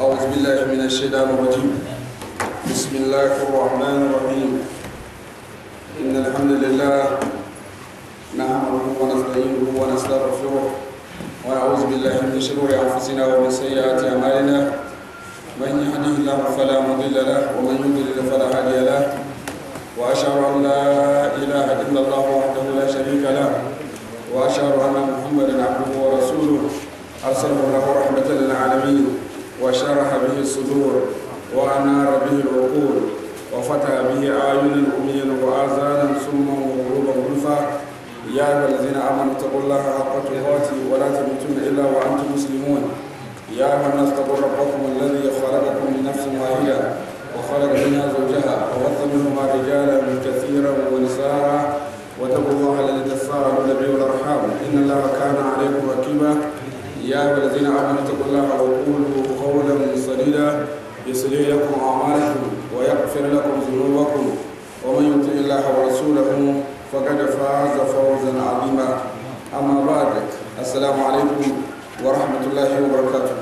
أعوذ بالله من الشيطان الرجيم بسم الله الرحمن الرحيم إن الحمد لله نحمده ونستعينه ونستغفره ونعوذ بالله من شرور أنفسنا ومن سيئات أعمالنا من يهده الله فلا مضل له ومن يضلل فلا هادي له وأشهد أن لا إله إلا الله وحده لا شريك له وأشهد أن محمدا عبده ورسوله أرسله الله رحمة للعالمين وشرح به الصدور وأنار به العقول وفتح به أعين الامين وآذانا سما وقلوبا غلفا يا أيها الذين آمنوا اتقوا الله حق تقاته ولا تموتن إلا وأنتم مسلمون يا أيها الناس اتقوا ربكم الذي خلقكم من نفس واحدة وخلق منها زوجها وغض منهما رجالا من كثيرا ونساء واتقوا الله الذي تساءلون به والأرحام إن الله كان عليكم رقيبا يا أيها الذين آمنوا اتقوا الله وقولوا قولا سديدا يصلح لكم أعمالكم ويغفر لكم ذنوبكم ومن يطع الله ورسوله فقد فاز فوزا عظيما أما بعد السلام عليكم ورحمة الله وبركاته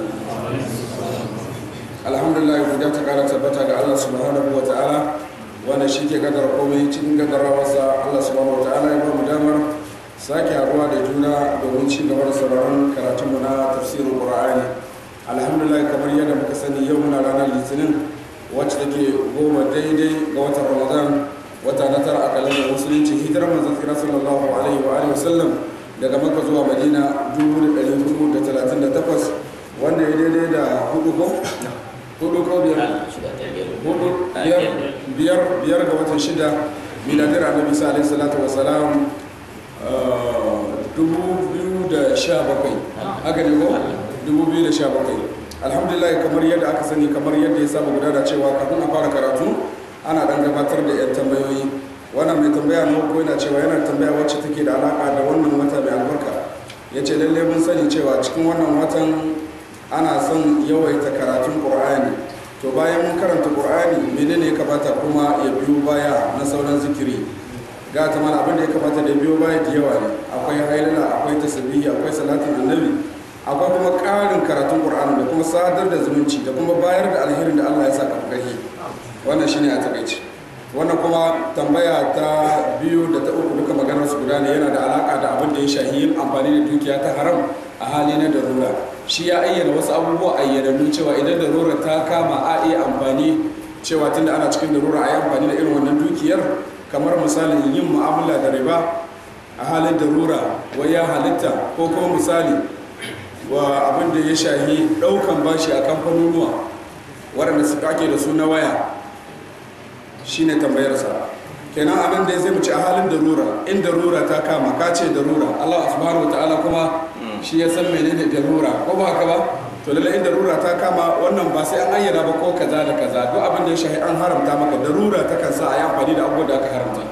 الحمد لله godiya ta kara tabbata ga Allah subhanahu wa ta'ala wanda shi ke kadar komai cikin gadarwa wasa Allah subhanahu wa ta'ala ya ba mu damar sake haruwa da juna domin ci gaba da sauraron karatunmu na tafsirin qur'ani alhamdulillah kamar yadda muka sani yau muna ranar litinin wacce take goma daidai ga watan ramadan wata na tara a da musulunci hijirar manzon kira sallallahu alaihi wa alihi wasallam daga makka zuwa madina dubu da ɗari hudu da talatin da takwas wanda ya daidai da hudu ko hudu ko biyar ah, hudu biyar biyar ga watan shida miladar annabi sa alaihi salatu wasalam 2017 alhamdulillah kamar yadda aka sani kamar yadda ya saba gudana cewa kafin a fara karatu ana dan gabatar da yan tambayoyi wannan mai tambaya na hukumai yana cewa yana tambaya wacce take da alaka da wannan wata mai albarka ya ce lallai mun sani cewa cikin wannan watan ana son yawaita karatun ƙur'ani. to bayan mun karanta qur'ani menene ya kamata kuma ya biyo baya na sauran zikiri ga ta mana abin da ya kamata da biyo baya da yawa ne akwai hailala akwai tasabihi, akwai salatin annabi akwai kuma karin karatun qur'ani da kuma sadar da zumunci da kuma bayar da alherin da Allah ya sa ka kai wannan shine a takaice wannan kuma tambaya ta biyu da ta uku duka maganar su guda ne yana da alaka da abin da ya shahi yin amfani da dukiya ta haram a hali na darura shi ya ayyana wasu abubuwa ayyanannu cewa idan darura ta kama a iya amfani cewa tunda ana cikin darura a yi amfani da irin wannan dukiyar kamar misali yin mu'amala da riba a halin darura wai ya halitta ko kuma misali wa abin da ya shahi daukan bashi a kamfanonuwa waɗanda su ake da su na waya shine tambayarsa kenan abin da zai wuce a halin darura in darura ta kama ka ce darura Allah subhanahu wa ta'ala kuma hmm. shi ya san menene darura ko ba haka ba to lalle in darura ta kama wannan ba sai an ayyana ba ko kaza da kaza duk abin da ya shahi an haramta maka darura ta kan sa a yi amfani da abubuwan da aka haramta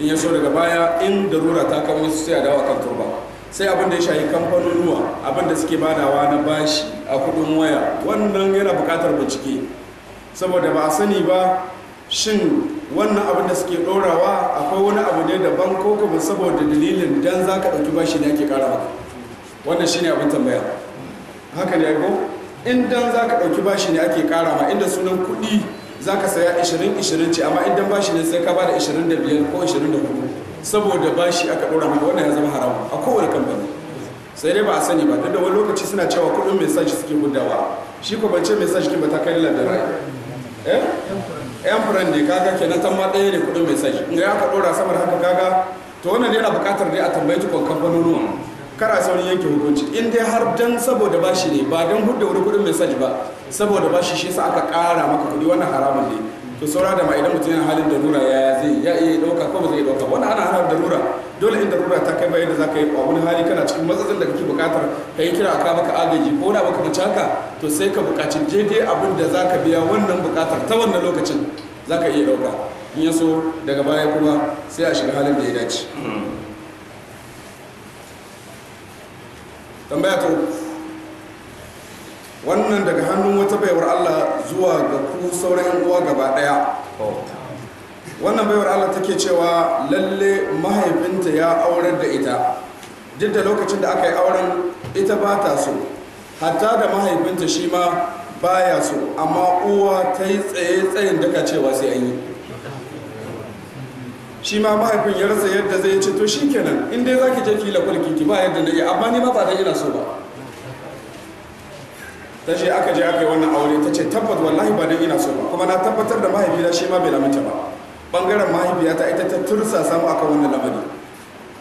in ya so daga baya in darura ta kama su sai a dawo kan turba sai abin da ya shahi kamfanonuwa abin da suke badawa na bashi a kudin waya wannan yana buƙatar bincike saboda ba a sani ba shin wannan abin da suke ɗorawa akwai wani abu ne daban ko kuma saboda dalilin dan za ka ɗauki bashi ne ake ƙara maka wannan shine abin tambaya haka ne ko in za ka ɗauki bashi ne ake ƙara ma inda sunan kuɗi za ka saya 20-20 ce amma idan bashi ne sai ka ba da 25 ko 24 saboda bashi aka ɗora maka wannan ya zama haramu a kowane kamfani sai dai ba a sani ba duk da wani lokaci suna cewa kuɗin mai sashi suke gudawa shi ko bance mai sashi ba ta kai lardin rai eh yan furan ne kaga kenan tan ma ɗaya ne kuɗin mai sashi in ya ka ɗora samar haka kaga to wannan yana buƙatar dai a tambayi tukon kamfanonuwa kara saurin yanke hukunci in dai har dan saboda bashi ne ba dan hudda wani kudin mai saji ba saboda bashi shi sa aka kara maka kudi wannan haramun ne to saura da ma idan mutum yana halin darura ya zai ya iya dauka ko ba zai dauka wannan ana da darura dole in darura ta kai bayan da zaka yi a wani hali kana cikin matsatsin da kake bukatar ka yi kira aka maka agaji ko na baka mace haka to sai ka bukaci daidai abin da zaka biya wannan bukatar ta wannan lokacin zaka iya dauka in yaso daga baya kuma sai a shiga halin da ya dace hmm. tambaya wannan daga hannun wata baiwar Allah zuwa ga ku sauran yan uwa gaba daya wannan baiwar Allah take cewa lalle mahaifinta ya aurar da ita duk da lokacin da aka yi auren ita ba ta so hatta da mahaifinta shi ma baya so amma uwa ta yi tsaye tsayin daga cewa sai an yi shi ma mahaifin ya rasa yadda zai ce to shikenan in dai zaki je fila kulki ki ba yadda na yi amma ni ba da ina so ba ta ce aka je aka yi wannan aure ta ce tabbat wallahi ba dan ina so ba kuma na tabbatar da mahaifina shi ma bai lamunta ba bangaren ta ita ta tursa samu akan wannan lamari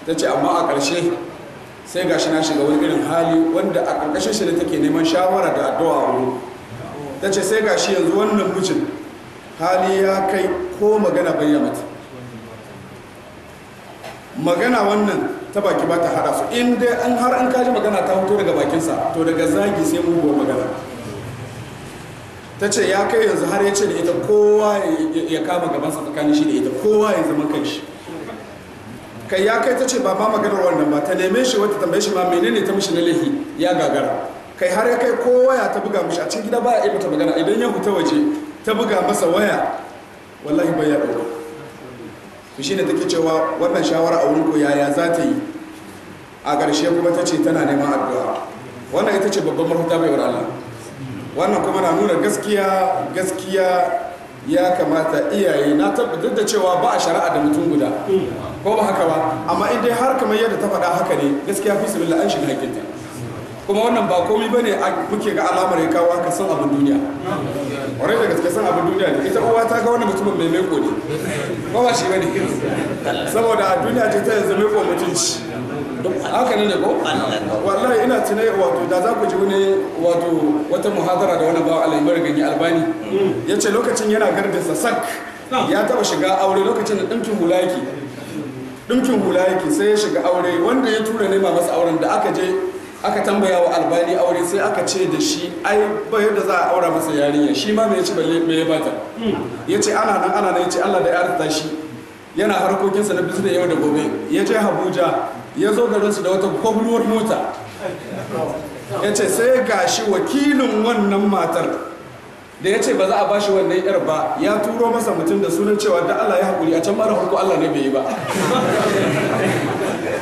ta ce amma a ƙarshe sai gashi na shiga wani irin hali wanda a ƙarƙashin shi da take neman shawara da addu'a a wuri ta ce sai gashi yanzu wannan mijin hali ya kai ko magana bayyana mata magana wannan ta baki ba ta hada su in dai an har an kaji magana ta hoto daga bakinsa to daga zagi sai muguwar magana ta ce ya kai yanzu har ya ce da ita kowa ya kama gaban sa tsakanin shi da ita kowa ya zama kan shi kai ya kai ta ce ba ma maganar wannan ba ta neme shi wata tambaye shi ma menene ta mishi na lahi ya gagara kai har ya kai kowa ya ta buga mishi a cikin gida ba ya iya mata magana idan ya huta waje ta buga masa waya wallahi bai ya dauka to shine take cewa wannan shawara a wurin ko yaya za ta yi a ƙarshe kuma ta ce tana neman addu'a wannan ita ce babban mafita wurin Allah wannan kuma na nuna gaskiya gaskiya ya kamata iyaye na tabbatar da cewa ba a shari'a da mutum guda ko ba haka ba amma in dai har kamar yadda ta faɗa haka ne gaskiya fi sabilillah an shiga ta kuma wannan ba komai ba ne muke ga alamar ya kawo ka san abin duniya ƙwarai da gaske san abin duniya ne ita uwa ta ga wannan mutumin mai maiko ne ba ba shi bane saboda a duniya ce ta yanzu maiko mutunci haka ne ne ko wallahi ina tunai wato da za ku ji wani wato wata muhadara da wani bawa alaimar ganye albani ya ce lokacin yana gardasa sak ya taba shiga aure lokacin da ɗinkin hula yake ɗinkin hula yake sai ya shiga aure wanda ya tura nema masa auren da aka je aka tambaya wa albani aure sai aka ce da shi ai bai da za a aura masa yarinya shi ma mai ci balle mai bata ya ce ana nan ana nan ya ce allah da ya arzuta shi yana harkokinsa na bisu da yau da gobe ya je abuja ya zo su da wata kwakwalwar mota ya ce sai ga shi wakilin wannan matar da ya ce ba za a ba shi wannan yar ba ya turo masa mutum da sunan cewa da allah ya haƙuri a can mara hukun allah ne bai yi ba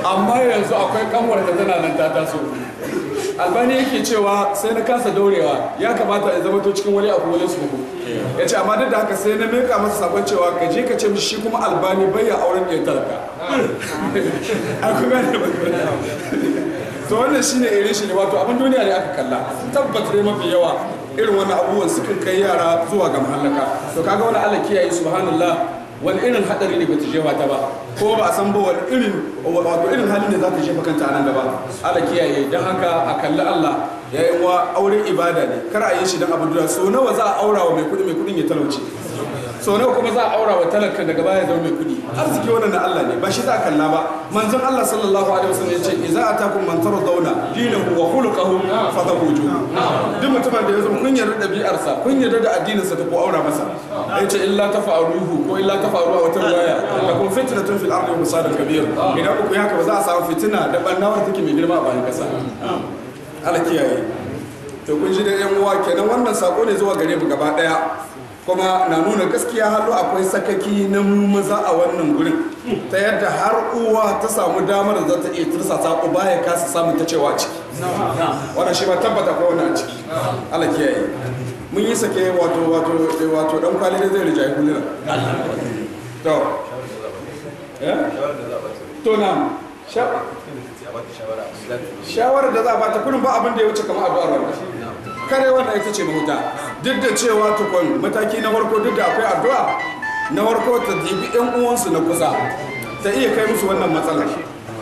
amma yanzu akwai kamar da tana nan ta taso albani yake cewa sai na kansa daurewa ya kamata ya zama to cikin wani abu wani su ya ce amma duk da haka sai na mika masa sabon cewa ka je ka ce mishi shi kuma albani bayya auren ya talaka to wannan shine irin shi ne wato abin duniya ne aka kalla tabbatar mafi yawa irin wani abubuwan sukan kai yara zuwa ga mahallaka to kaga wani Allah kiyaye subhanallah wani irin hadari ne bata jefa ta ba ko ba a san ba wani irin wato irin halin da za ta jefa kanta nan gaba Allah kiyaye dan haka a kalli Allah yayin wa auren ibada ne kar a yi shi dan abu so nawa za a aura wa mai kudi mai kudin ya talauci so nawa kuma za a aura wa talaka daga baya zama mai kudi arziki wannan na Allah ne ba shi za a kalla ba manzon Allah sallallahu alaihi wasallam ce idza atakum man dawla dinahu wa khuluquhu tabuju duk mutumin da ya zo kun yarda da dabi'arsa kun yarda da addinin sa ko aura masa yace illa tafa'aluhu ko illa tafa'alu a wata riwaya da kun fitnatun fil ardi musadun kabir idan ku ka ba za a samu fitina da banna wanda take mai girma a bayan kasa Allah kiyaye to kun ji da yan uwa kenan wannan sako ne zuwa gare mu gaba daya kuma na nuna gaskiya halu akwai sakaki na mu maza a wannan gurin ta yadda har uwa ta samu damar da za ta iya tursa ta uba ya kasa samun ta cewa ciki wannan shi ba tabbata ko wannan ciki Allah kiyaye mun yi sake wato wato wato dan kwali da zai rijayi kullun to eh? to na shawara da za a bata kullun ba abin da ya wuce kamar abu a rawa kare wannan ita ce mahuta duk da cewa tukun mataki na farko duk da akwai addu'a na farko ta jibi yan uwansu na kusa ta iya kai musu wannan matsala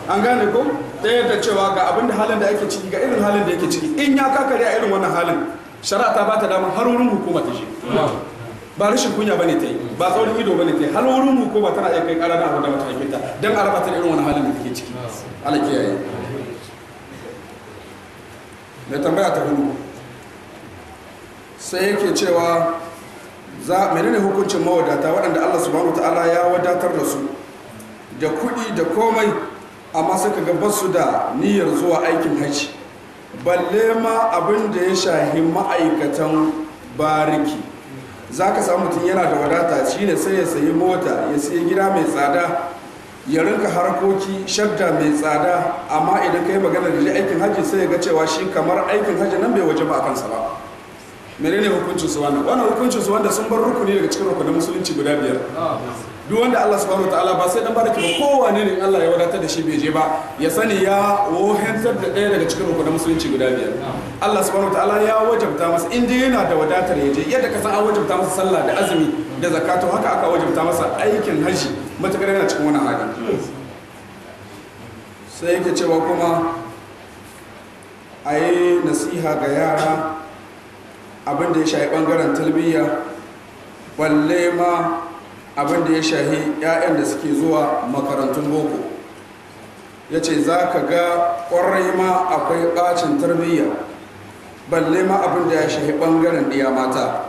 an gane ko ta da cewa ga abin da halin da ake ciki ga irin halin da yake ciki in ya kakare a irin wannan halin shari'a ta bata damar har wurin hukuma ta shi ba rashin kunya bane ta yi ba tsaurin ido bane ta yi har wurin hukuma tana iya kai ƙarar abu da mata ta don a raba ta irin wannan halin da take ciki ala kiyaye mai tambaya ta hudu sai yake cewa za menene hukuncin mawadata waɗanda Allah subhanahu ta'ala ya wadatar da su da kuɗi da komai amma suka ga basu da niyyar zuwa aikin hajji balle ma abin da ya shahi ma'aikatan bariki za ka samu mutum yana da wadata shi ne sai ya sayi mota ya sayi gida mai tsada ya rinka harkoki shadda mai tsada amma idan ka yi magana da aikin hajji sai ya ga cewa shi kamar aikin hajji nan bai waje ba a kansa ba menene hukuncin su wannan wannan hukuncin su wanda sun bar rukuni daga cikin rukunin musulunci guda biyar duk wanda Allah subhanahu ta'ala ba sai dan baraka ba kowane ne Allah ya wadatar da shi bai je ba ya sani ya wohantar da ɗaya daga cikin rukunin musulunci guda biyar Allah subhanahu ta'ala ya wajabta masa in dai yana da wadatar ya je yadda ka san an wajabta masa sallah da azumi da zakatu haka aka wajabta masa aikin hajji matakar yana cikin wani hali sai yake cewa kuma a yi nasiha ga yara abin da ya shahi bangaren talbiyya balle ma abin da ya shahi 'ya'yan da suke zuwa makarantun boko ya ce za ka ga ƙwarai ma akwai ɓacin tarbiyya balle ma abin da ya shahi bangaren ɗiya mata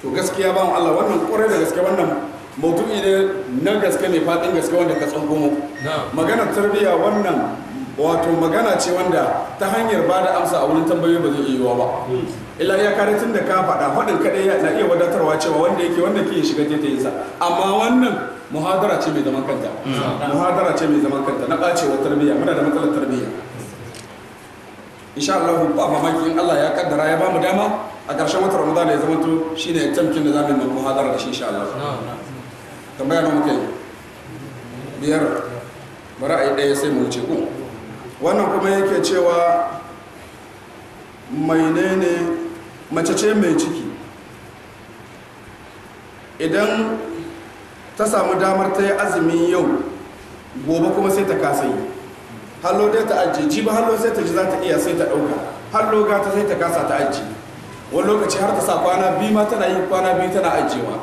to gaskiya ba Allah wannan ƙwarai da gaske wannan mutum ne na gaske ne faɗin gaske wanda ka tsanko mu maganar tarbiyya wannan wato magana ce wanda ta hanyar ba da amsa a wurin tambayoyi ba zai yiwuwa ba ila ya kare tun da ka faɗa faɗin kaɗai na iya wadatarwa cewa wanda yake wanda ke shiga ta taitayinsa amma wannan muhadara ce mai zaman kanta muhadara ce mai zaman kanta na ɓacewar tarbiyya muna da matsalar tarbiyya insha Allah ba mamaki in Allah ya kaddara ya bamu dama a ƙarshen watan Ramadan ya zama to shine tamkin da zamu yi muhadara da shi insha Allah tambaya na muke biyar bara a yi ɗaya sai mu wuce ku wannan kuma yake cewa mai ne mace ce mai ciki idan ta samu damar ta yi azumin yau gobe kuma sai ta kasa yi hallo dai ta ajiye ji ba hallo sai ta ji za ta iya sai ta ɗauka hallo gata sai ta kasa ta ajiye wani lokaci har ta sa kwana biyu ma tana yi kwana biyu tana ajiyewa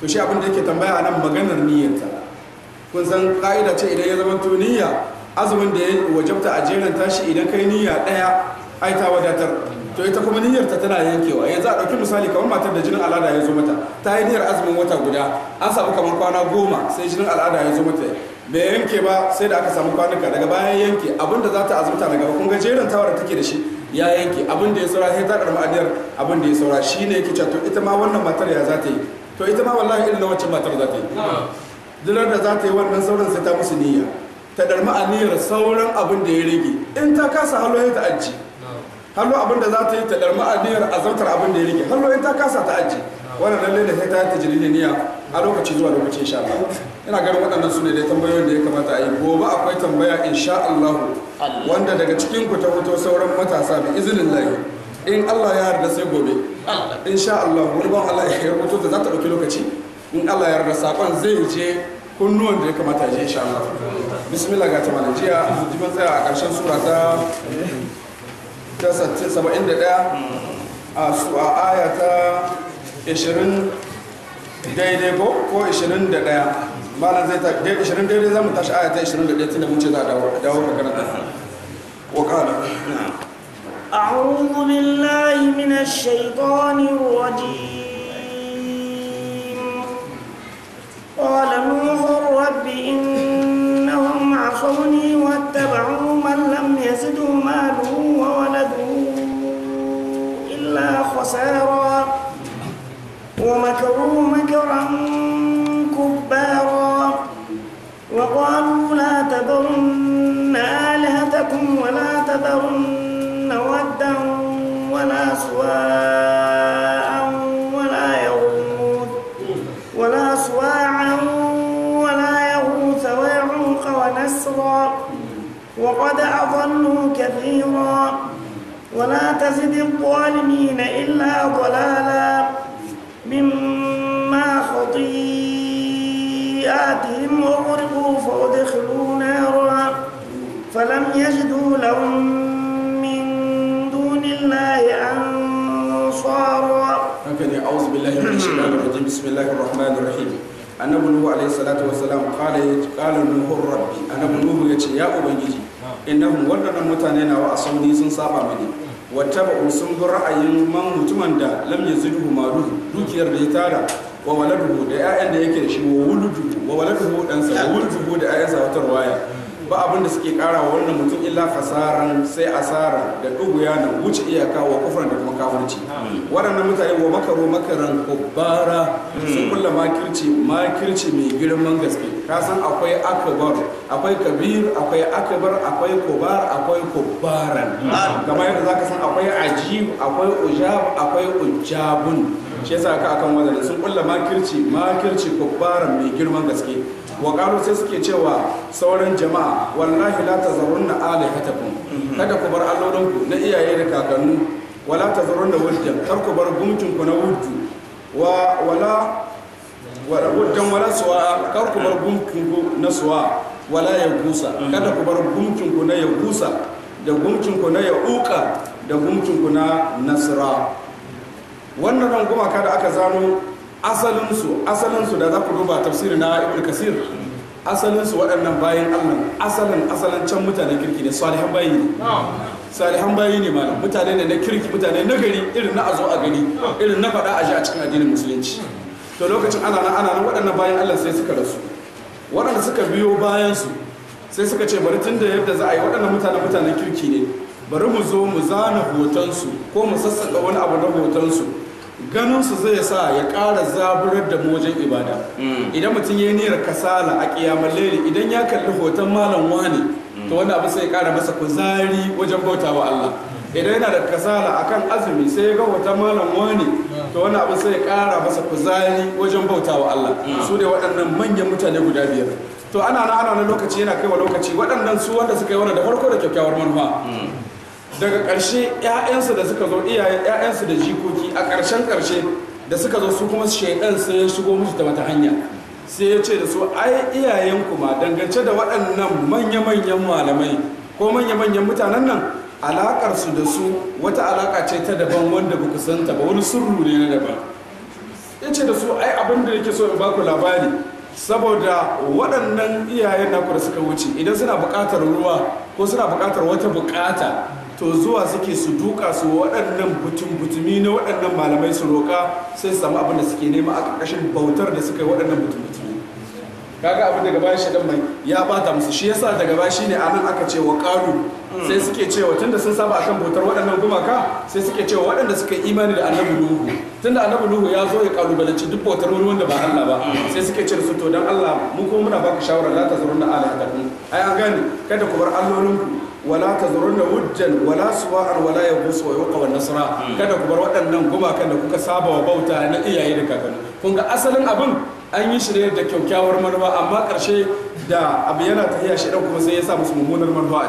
to shi abin da yake tambaya a nan maganar niyyarta kun san ka'ida ce idan ya zama to niyya azumin da ya wajabta a jerin tashi idan kai niyya daya ai ta wadatar to ita kuma niyyar ta tana yankewa yanzu a ɗauki misali kamar matar da jinin al'ada ya zo mata ta yi niyyar azumin wata guda an samu kamar kwana goma sai jinin al'ada ya zo mata bai yanke ba sai da aka samu kwanuka daga bayan yanke abin da za ta azumta daga kun ga jerin tawar da take da shi ya yanke abin da ya saura sai ta karɓi adiyar abin da ya saura shi ne yake cewa to ita ma wannan matar ya za ta yi to ita ma wallahi irin na wacce matar za ta yi dinar da za ta yi wannan sauran sai ta musu niyya ta darma aniyar sauran abin da ya rage in ta kasa hallo ta aji hallo abin da za ta yi ta darma aniyar azartar abin da ya rage hallo in ta kasa ta aji wannan lalle da sai ta yi da niyya a lokaci zuwa lokacin insha Allah ina ganin waɗannan su ne dai tambayoyin da ya kamata a yi gobe akwai tambaya insha Allah wanda daga cikin ku ta fito sauran matasa bi izinin layi in Allah ya yarda sai gobe insha Allah wani ban Allah ya rubuto da za ta ɗauki lokaci in Allah ya yarda saƙon zai je kunnuwan da ya kamata ya sha Allah bismillah ga tamanin jiya an ji matsaya a ƙarshen sura ta 71 a su a aya ta daidai ko ko 21 malam zai ta 20 daidai mu tashi aya ta 21 tunda mun ce za a dawo ga karanta wa qala أعوذ بالله من الشيطان الرجيم قال نوح رب إنهم عصوني واتبعوا من لم يزدوا ماله وولده إلا خسارا ومكروا مكرا كبارا وقالوا لا تذرن آلهتكم ولا تذرن ودا ولا سواد وقد أضلوا كثيرا ولا تزد الظالمين إلا ضلالا مما خطيئاتهم وغرقوا فأدخلوا نارا فلم يجدوا لهم من دون الله أنصارا هكذا أعوذ بالله من الشيطان الرجيم بسم الله الرحمن الرحيم أنا بنوه عليه الصلاة والسلام قال قال kala nuhu أنا بنوه يا ya ce innahum waɗannan mutane na wa sauni sun saba mani wata ba sun bi ra'ayin man mutumin da lam yazidu maru dukiyar da ya tara wa waladuhu da 'ya'yan da yake da shi wa wa waladuhu ɗansa wa wuluduhu da wata ruwaya ba abin da suke kara wa wannan mutum illa kasaran sai asara da duguya na wuce iyaka wa kufran da kuma kafirci waɗannan mutane wa makaro makaran kubara sun kulla makirci makirci mai girman gaske ka san akwai akabar akwai kabir akwai akabar akwai kubar akwai kubaran kamar yadda zaka san akwai ajib akwai ujab akwai ujabun shi yasa ka akan wannan sun kulla makirci makirci kubaran mai girman gaske wa qalu sai suke cewa sauran jama'a wallahi la tazarunna alihatakum kada ku bar allodonku na iyaye da kakannu wala ta tazarunna wujdan kar ku bar gumcinku na wujdu wa wala wala wujdan wala suwa kar ku bar gumcinku na suwa wala ya gusa kada ku bar gumcinku na ya gusa da gumcinku na ya uka da gumcinku na nasra wannan gumaka kada aka zano asalinsu asalinsu da za ku duba tafsirin na ibn kasir asalinsu waɗannan bayan allah asalin asalin can mutanen kirki ne salihan bayi ne salihan bayi ne malam mutane ne na kirki mutane na gari irin na azo a gani irin na faɗa a shi a cikin addinin musulunci to lokacin ana nan ana nan waɗannan bayan allah sai suka rasu waɗanda suka biyo bayansu sai suka ce bari tunda yadda za a yi waɗannan mutane mutanen kirki ne bari mu zo mu zana hotonsu ko mu sassaƙa wani abu na hotonsu ganinsu zai sa ya ƙara zaburar da wajen ibada mm. idan mutum ya yi kasala a ƙiyamar idan ya kalli hoton malam wani to mm. wani abu sai ya ƙara masa kuzari wajen bauta wa Allah idan yana da kasala akan azumi sai ya ga hoton malam wani to wani abu sai ya ƙara masa kuzari wajen bauta wa Allah mm. su ne waɗannan manyan mutane guda biyar to ana na ana lokaci yana kaiwa lokaci waɗannan su wanda suka yi wani da farko da kyakkyawar manufa daga ƙarshe 'ya'yansa da suka zo iyayen 'ya'yansa da jikoki a ƙarshen ƙarshe da suka zo su kuma shaidan sai ya shigo musu ta wata hanya sai ya ce da su ai iyayen kuma dangance da waɗannan manya-manyan malamai ko manya-manyan mutanen nan alakar su da su wata alaka ce ta daban wanda ba ku ta ba wani sirru ne na daban ya ce da su ai abin da yake so in ba ku labari saboda waɗannan iyayen naku da suka wuce idan suna buƙatar ruwa ko suna buƙatar wata buƙata to zuwa suke su duka su waɗannan butumi na waɗannan malamai su roƙa sai su samu abin da suke nema a ƙarƙashin bautar da suka yi waɗannan butumi kaga abin da bayan shi mai ya bata musu shi yasa daga baya shine anan aka ce wa qalu sai suke cewa tunda sun saba akan bautar waɗannan gumaka sai suke cewa waɗanda suka yi imani da annabi nuhu tunda annabi nuhu ya zo ya kalubalanci duk bautar wani wanda ba Allah ba sai suke ce su to dan Allah mu kuma muna baka shawara la tazurunna alihatakum ai an gane kada ku bar allolinku wala tazurunna wujjan wala suwa'an wala yaghus wa yuqa wa nasra kada ku bar waɗannan gumakan da kuka saba wa bauta na iyaye da kakanni kun ga asalin abin an yi shirya da kyakkyawar manufa amma ƙarshe da abu yana tafiya shi dan kuma sai ya sa musu mummunar manufa a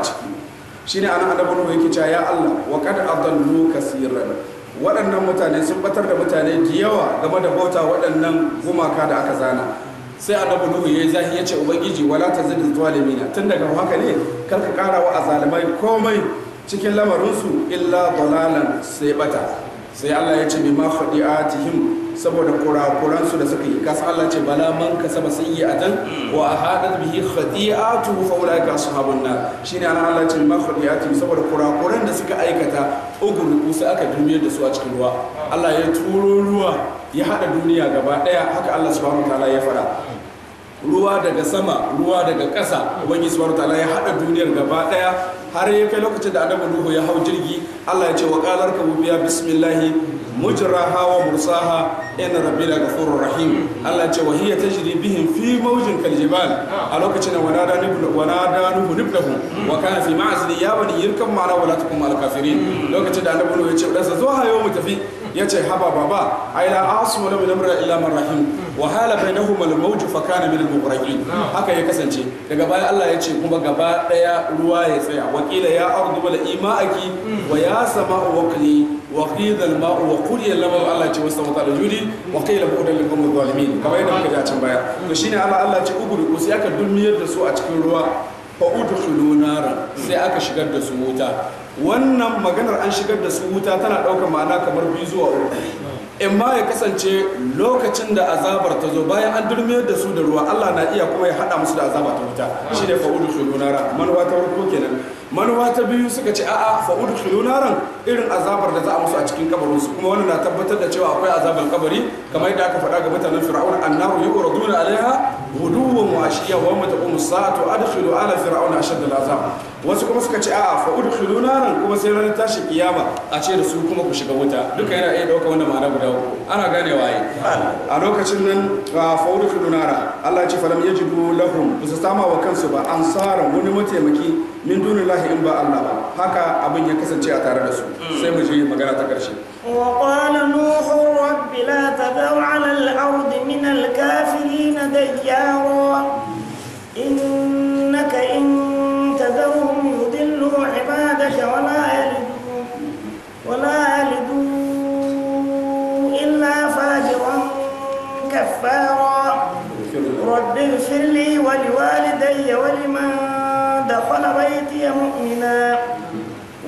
ciki ne anan annabi Nuhu yake cewa ya Allah wa qad adallu kaseeran waɗannan mutane sun batar da mutane da yawa game da bauta waɗannan gumaka da aka zana sai annabi nuhu yayi zahi yace ubangiji wala tazid zalimina tun daga haka ne kar ka kara wa azalimai komai cikin lamarin su illa dalalan sai bata sai Allah ya ce bima khadi'atihim saboda kurakuran su da suka yi kasa Allah ce bala man a sayyi'atan wa haɗar bihi khadi'atuhu fa ulaika na shi shine ana Allah ce bima khadi'atihim saboda kurakuran da suka aikata ugun sai aka dumiyar da su a cikin ruwa Allah ya turo ruwa ya haɗa duniya gaba ɗaya haka Allah subhanahu wa ta'ala ya fara ruwa daga sama ruwa daga ƙasa ubangiji subhanahu ta'ala ya hada duniyar gaba daya har ya kai lokacin da annabi nuhu ya hau jirgi Allah ya ce wa qalar ka biya bismillah mujraha wa mursaha in rabbil ghafurur rahim Allah ya ce wa hiya tajri bihim fi mawjin kal jibal a lokacin da wanada nuhu wanada nuhu niblahu wa kana fi ma'zili ya bani yirkan ma'ana wala takum al kafirin lokacin da Adamu nuhu ya ce dan sa zo hayo mu tafi ya ce haba baba ai la asmu lahu min amra illa man rahim wahala bai na mawj fa kana na al haka ya kasance daga baya Allah ya ce kuma gaba daya ruwa ya tsaya wakila ya ardu bala ima'aki wa ya sama wakili wa qila al-ma'u wa quliya al Allah ce wasta wata judi wa qila bu'da lil qawmi zalimin kamar yadda muka ji a can baya to shine Allah Allah ce ubul sai aka dumiyar da su a cikin ruwa fa udkhulu nara sai aka shigar da su wuta wannan maganar an shigar da su wuta tana ɗaukar ma'ana kamar biyu zuwa uku in ma ya kasance lokacin da azabar ta zo bayan an durmiyar da su da ruwa Allah na iya kuma ya hada musu da azaba ta wuta ne fa'udu khulunara manuwa ta farko kenan manuwa ta biyu suka ce a'a fa'udu nunaran irin azabar da za a musu a cikin kabarin su kuma wannan na tabbatar da cewa akwai azabar kabari kamar yadda aka faɗa ga mutanen fir'auna annahu yuqraduna alaiha guduwun washiya wa mata kuma sa'atu adkhilu ala fir'auna ashad al'azab wasu kuma suka ce a'a fa udkhilu naran kuma sai ranar tashi kiyama a ce da su kuma ku shiga wuta duka yana iya dauka wanda ma'ana guda uku ana gane waye a lokacin nan fa udkhilu nara Allah ya ce falam yajidu lahum bisa sama wa kansu ba ansara wani mataimaki min dunillahi in ba Allah ba haka abin ya kasance a tare da su sai mu je magana ta karshe وقال نوح رب لا تذر على الأرض من الكافرين ديارا إنك إن تذرهم يضلوا عبادك ولا يلدوا ولا يلدوا إلا فاجرا كفارا رب اغفر لي ولوالدي ولمن دخل بيتي مؤمنا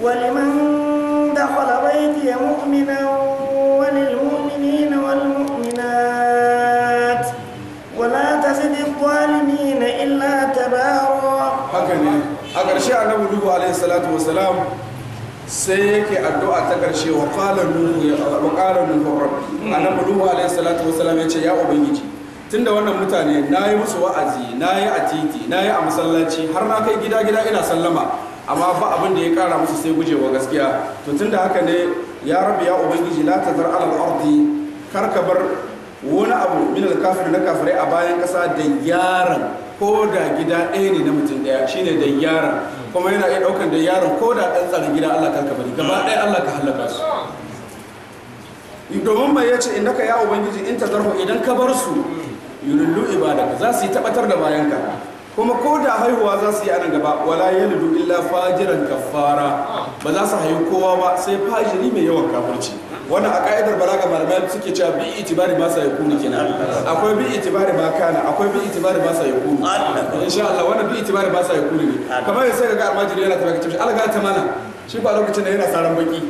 ولمن salatu wasalam sai yake addu'a ta ƙarshe wa qala nuhu ya wa qala nuhu rabbi annabi nuhu alayhi salatu wasalam yace ya ubangiji tunda wannan mutane nayi musu wa'azi nayi a titi nayi a masallaci har na kai gida gida ina sallama amma fa abin da ya kara musu sai guje wa gaskiya to tunda haka ne ya rabu ya ubangiji la tazar kar ka bar wani abu min al na kafirai a bayan kasa da yaran ko da gida ɗaya ne na mutum ɗaya shine da yaran kuma yana iya daukan da yaron ko da ɗan tsarin gida Allah kanka bari gaba ɗaya Allah ka halaka su domin mai yace naka ya ubangiji in ta tazarhu idan ka bar su yulullu ibadaka za su yi tabbatar da bayan ka kuma ko da haihuwa za su yi anan gaba wala yalidu illa fajiran kafara ba za su haihu kowa ba sai fajiri mai yawan kafirci wannan a ka'idar balaga malamai suke cewa bi itibari ba sa yakunu kenan akwai bi itibari ma kana akwai bi itibari ba sa yakunu insha Allah wannan bi itibari ba sa yakunu ne kamar yadda sai ga almajiri yana tafiya kace Allah ga ta mana shi ba lokacin da yana saran baki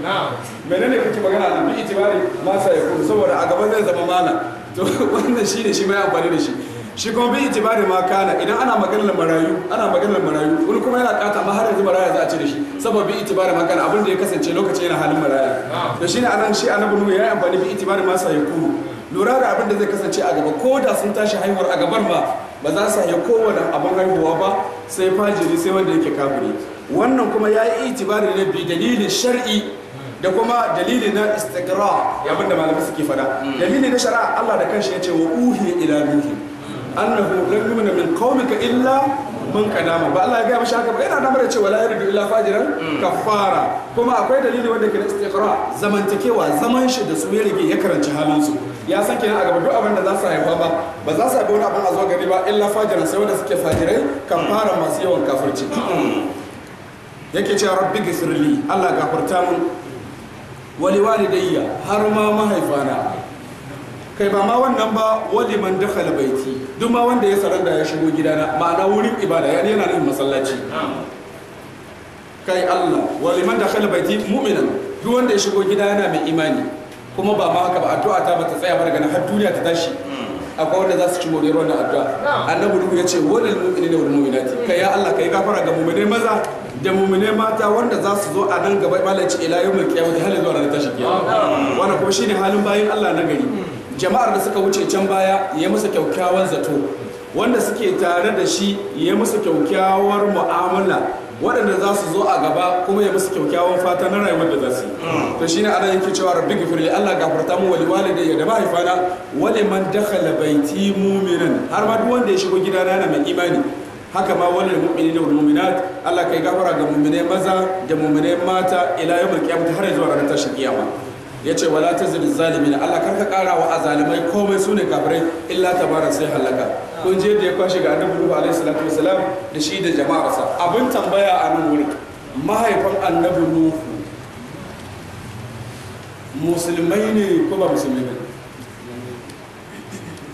menene kake magana da bi itibari ma sa yakunu saboda a gaban zai zama mana to wannan shine shi mai amfani da shi shi kuma bin itibari ma kana idan ana maganar marayu ana maganar marayu wani kuma yana kata ma har yanzu maraya za a ci da shi saboda bin itibari ma kana abin da ya kasance lokaci yana halin maraya da shi ne anan shi annabi nuhu ya yi amfani bin itibari ma sa kuma lura da abin da zai kasance a gaba ko da sun tashi haihuwar a gabar ma ba za su haihu kowane abin haihuwa ba sai fajiri sai wanda yake kafiri wannan kuma ya yi itibari ne bi dalilin shar'i da kuma dalili na ya abin da malamai suke fada hmm. dalili na shari'a Allah da kanshi ya ce wa uhi ila nuhi annahu lan yumna min qaumika illa mun kadama ba Allah ya gaya mashi haka ba yana da cewa la yaridu illa fajiran kafara kuma akwai dalili wanda ke na istiqra zamantakewa zaman shi da su ya ya karanci halin su ya san kenan a gaba duk abin da za su haifa ba ba za su haifa wani abin a zo gari ba illa fajiran sai wanda suke fajirai kafara masu yawan kafirci yake cewa rabbi gisirli Allah gafarta mun wali walidayya har ma mahaifana kai ba ma wannan ba wali man dakhala baiti duk ma wanda ya saranda ya shigo gidana ma'ana wurin ibada yana yana nufin masallaci kai Allah wa liman dakhala baiti mu'minan duk wanda ya shigo gida yana mai imani kuma ba ma haka ba addu'a ta bata tsaya bar daga har duniya ta tashi hmm. akwai wanda za su ci moriyar wannan addu'a annabi duk ya ce walil mu'minina wal mu'minati hmm. kai ya Allah kai gafara ga mu'minai maza da mu'minai mata wanda za su zo a nan gaba malaci ila yawmil qiyamah halin zuwa da tashi kiyama wannan kuma shine halin bayin Allah na gari hmm. jama'ar da suka wuce can baya ya musu kyakkyawan zato wanda suke tare da shi ya musu kyaukyawar mu'amala waɗanda za su zo a gaba kuma ya musu kyakkyawan fata na rayuwar da za su yi to ne ana yake cewa rabbi gifirli Allah gafarta mu wali walidayya da mahaifana wali man dakhala baiti mu'minan har ma duk wanda ya shigo gidana yana mai imani haka ma wani mu'mini da mu'minat Allah kai gafara ga mu'minai maza da mu'minai mata ila yawmil qiyamah har zuwa ranar tashin kiyama ya ce wala ta zirin na Allah karka kara wa a zalimai komai su ne kafirai illa ta bara sai halaka kun je da ya kwashe ga annabi nuhu alaihi salatu wasalam da shi da jama'arsa abin tambaya a nan wuri mahaifan annabi nuhu musulmai ne ko ba musulmai ba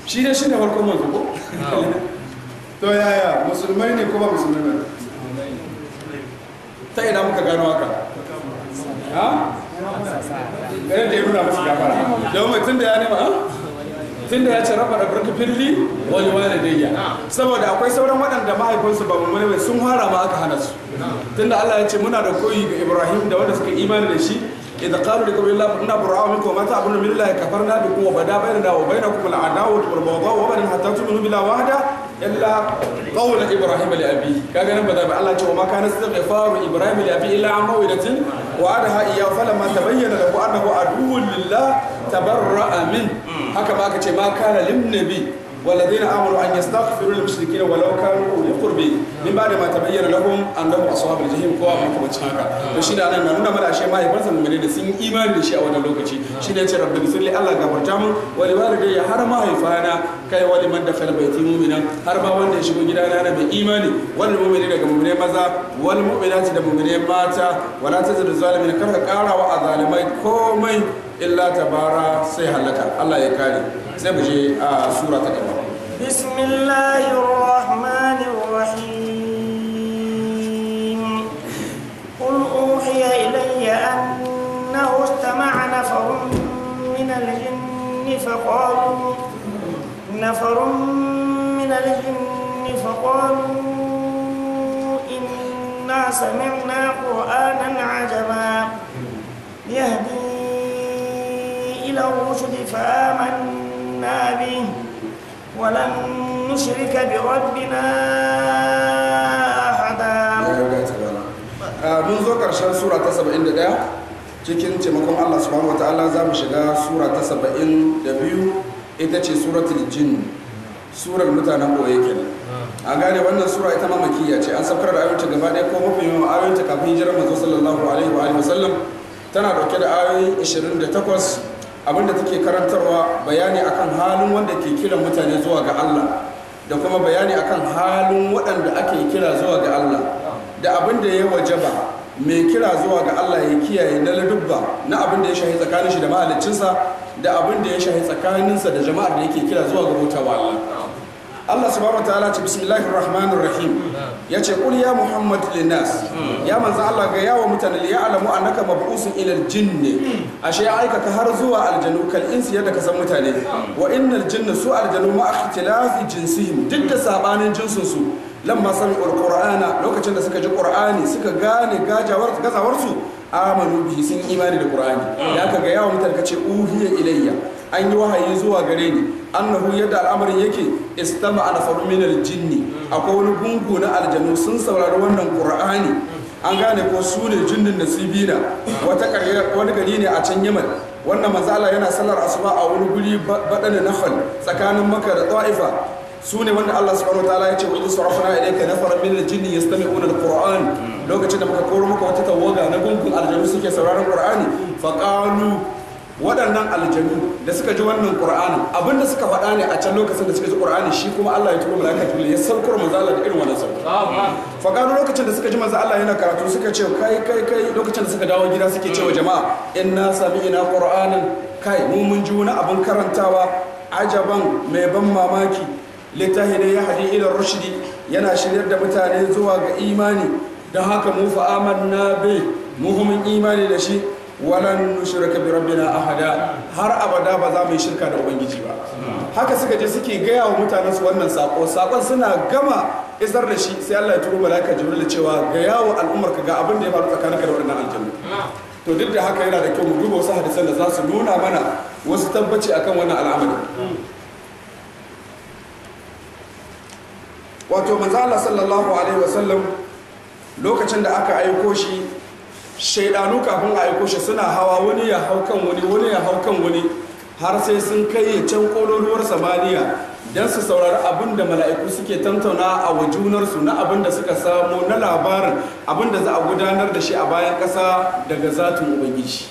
shi ne shi ne farkon manzo ko to yaya musulmai ne ko ba musulmai ba ta ina muka gano haka ha irin da ya nuna musu gafara don mutum da ya nema tun da ya ce raba da burka filli wani walidayya saboda akwai sauran waɗanda mahaifinsu ba mu mai sun fara ma aka hana su tunda Allah ya ce muna da koyi ga Ibrahim da wanda suka imani da shi idan qalu li qawli la inna bura'a minkum ma ta'budu min allahi kafarna bikum wa bada bainana wa bainakum al'adawatu wal baghdha'u wa ba'dan hatta tu'minu bila wahda illa qawla ibrahim li abi kaga nan ba Allah Allah ce wa ma kana faru ibrahim li abi illa an mawidatin وأرها إياه فلما تبين له أنه عدو لله تبرأ منه هكذا ما كان للنبي والذين امروا ان يستغفروا للمشركين ولو كانوا اولي قربى من بعد ما تبين لهم انهم اصحاب الجحيم كوا من kuma cin haka to shi da nan na nuna mana ashe mahaifarsa mummune da sun yi imani da shi a wannan lokaci shi ne ce rabbi sirri Allah gafarta mu wal walidayya har mahaifana kai wali man dakhala baiti mu'mina har ba wanda ya shigo gidana na mai imani wal mu'mini daga mu'mine maza wal mu'minati da mu'mine mata wala tazidu zalimin kar ka karawa a zalimai komai illa tabara sai halaka Allah ya kare سيمجي آه سورة الإمام بسم الله الرحمن الرحيم قل أوحي إلي أنه استمع نفر من الجن فقالوا نفر من الجن فقالوا إنا سمعنا قرآنا عجبا يهدي إلى الرشد فآمنا آمنا به ولن نشرك بربنا أحدا mun zo karshen sura ta 71 cikin taimakon Allah subhanahu wataala za mu shiga sura ta 72 ita ce suratul jin surar mutanen boye kenan a gane wannan sura ita ma makiyya ce an safar da ayoyinta gaba ɗaya ko mafi yawan ayoyinta kafin hijirar manzo sallallahu alaihi wa sallam tana dauke da ayoyi 28 abinda take karantarwa bayani akan halin wanda ke kira mutane zuwa ga Allah da kuma bayani akan halin waɗanda ake kira zuwa ga Allah da abinda ya wajaba mai kira zuwa ga Allah ya kiyaye na ladubba na abinda ya shahi tsakanin shi da mahaliccinsa da abinda ya shahi tsakaninsa da jama'ar da yake kira zuwa ga bautawa Allah Allah subhanahu wataala ce bismillahir rahmanir rahim yace qul ya muhammad Linas hmm. ya manzo Allah ga yawo mutane li ya'lamu annaka mab'usun ila al-jinn hmm. ashe aika ka har zuwa aljanu kal insi yadda ka san mutane hmm. wa innal jinna su aljanu ma ikhtilafi jinsihim duk da sabanin jinsin su lamma sami qur'ana lokacin da suka ji qur'ani suka gane gajawar gazawarsu amanu bihi sun imani da qur'ani ya kaga ga yawa mutar kace uhiya ilayya an yi wahayi zuwa gare ni annahu yadda al'amarin yake istama ala farmin jinni akwai wani gungu na aljanu sun saurari wannan qur'ani an gane ko su ne jinnin nasibina wata wani gari ne a can yaman wannan mazala yana sallar asuba a wani guri badana nafal tsakanin maka da ta'ifa su ne wanda Allah subhanahu wa ta'ala ya ce wa idh sarafna ilayka nafaran min al-jinni yastami'una al-qur'an lokacin da muka koro muka wata tawaga na gungun aljanu suke sauraron qur'ani faƙanu waɗannan aljanu da suka ji wannan qur'anin abinda suka faɗa ne a can lokacin da suka ji qur'ani shi kuma Allah ya tuba malaika jibril ya saukar manzo da irin wannan sauki lokacin da suka ji manzo Allah yana karatu suka ce kai kai kai lokacin da suka dawo gida suke cewa jama'a inna sami'na qur'anan kai mu mun ji wani abin karantawa ajaban mai ban mamaki littahi ne ya hadi ila rushdi yana shiryar da mutane zuwa ga imani don haka mu fa amanna bi mu mun imani da shi walan nushrika bi rabbina ahada har abada ba za mu yi shirka da ubangiji ba haka suka je suke gaya wa mutanen su wannan sako sakon suna gama isar da shi sai Allah ya turo malaika jibril cewa ga yawo al'ummar ka ga abin da ya faru tsakanin ka da wannan aljanna to duk da haka yana da kyau mu duba wasu hadisan da za su nuna mana wasu tabbaci akan wannan al'amari wato manzo Allah sallallahu alaihi wasallam lokacin da aka aiko shi shaidanu kafin a aiko shi suna hawa wani ya hau kan wani wani ya hau kan wani har sai sun kai ya can kololuwar samaniya don su saurari abin da mala'iku suke tantauna a wajunarsu na abin da suka samu na labarin abin da za a gudanar da shi a bayan ƙasa daga zatin ubangiji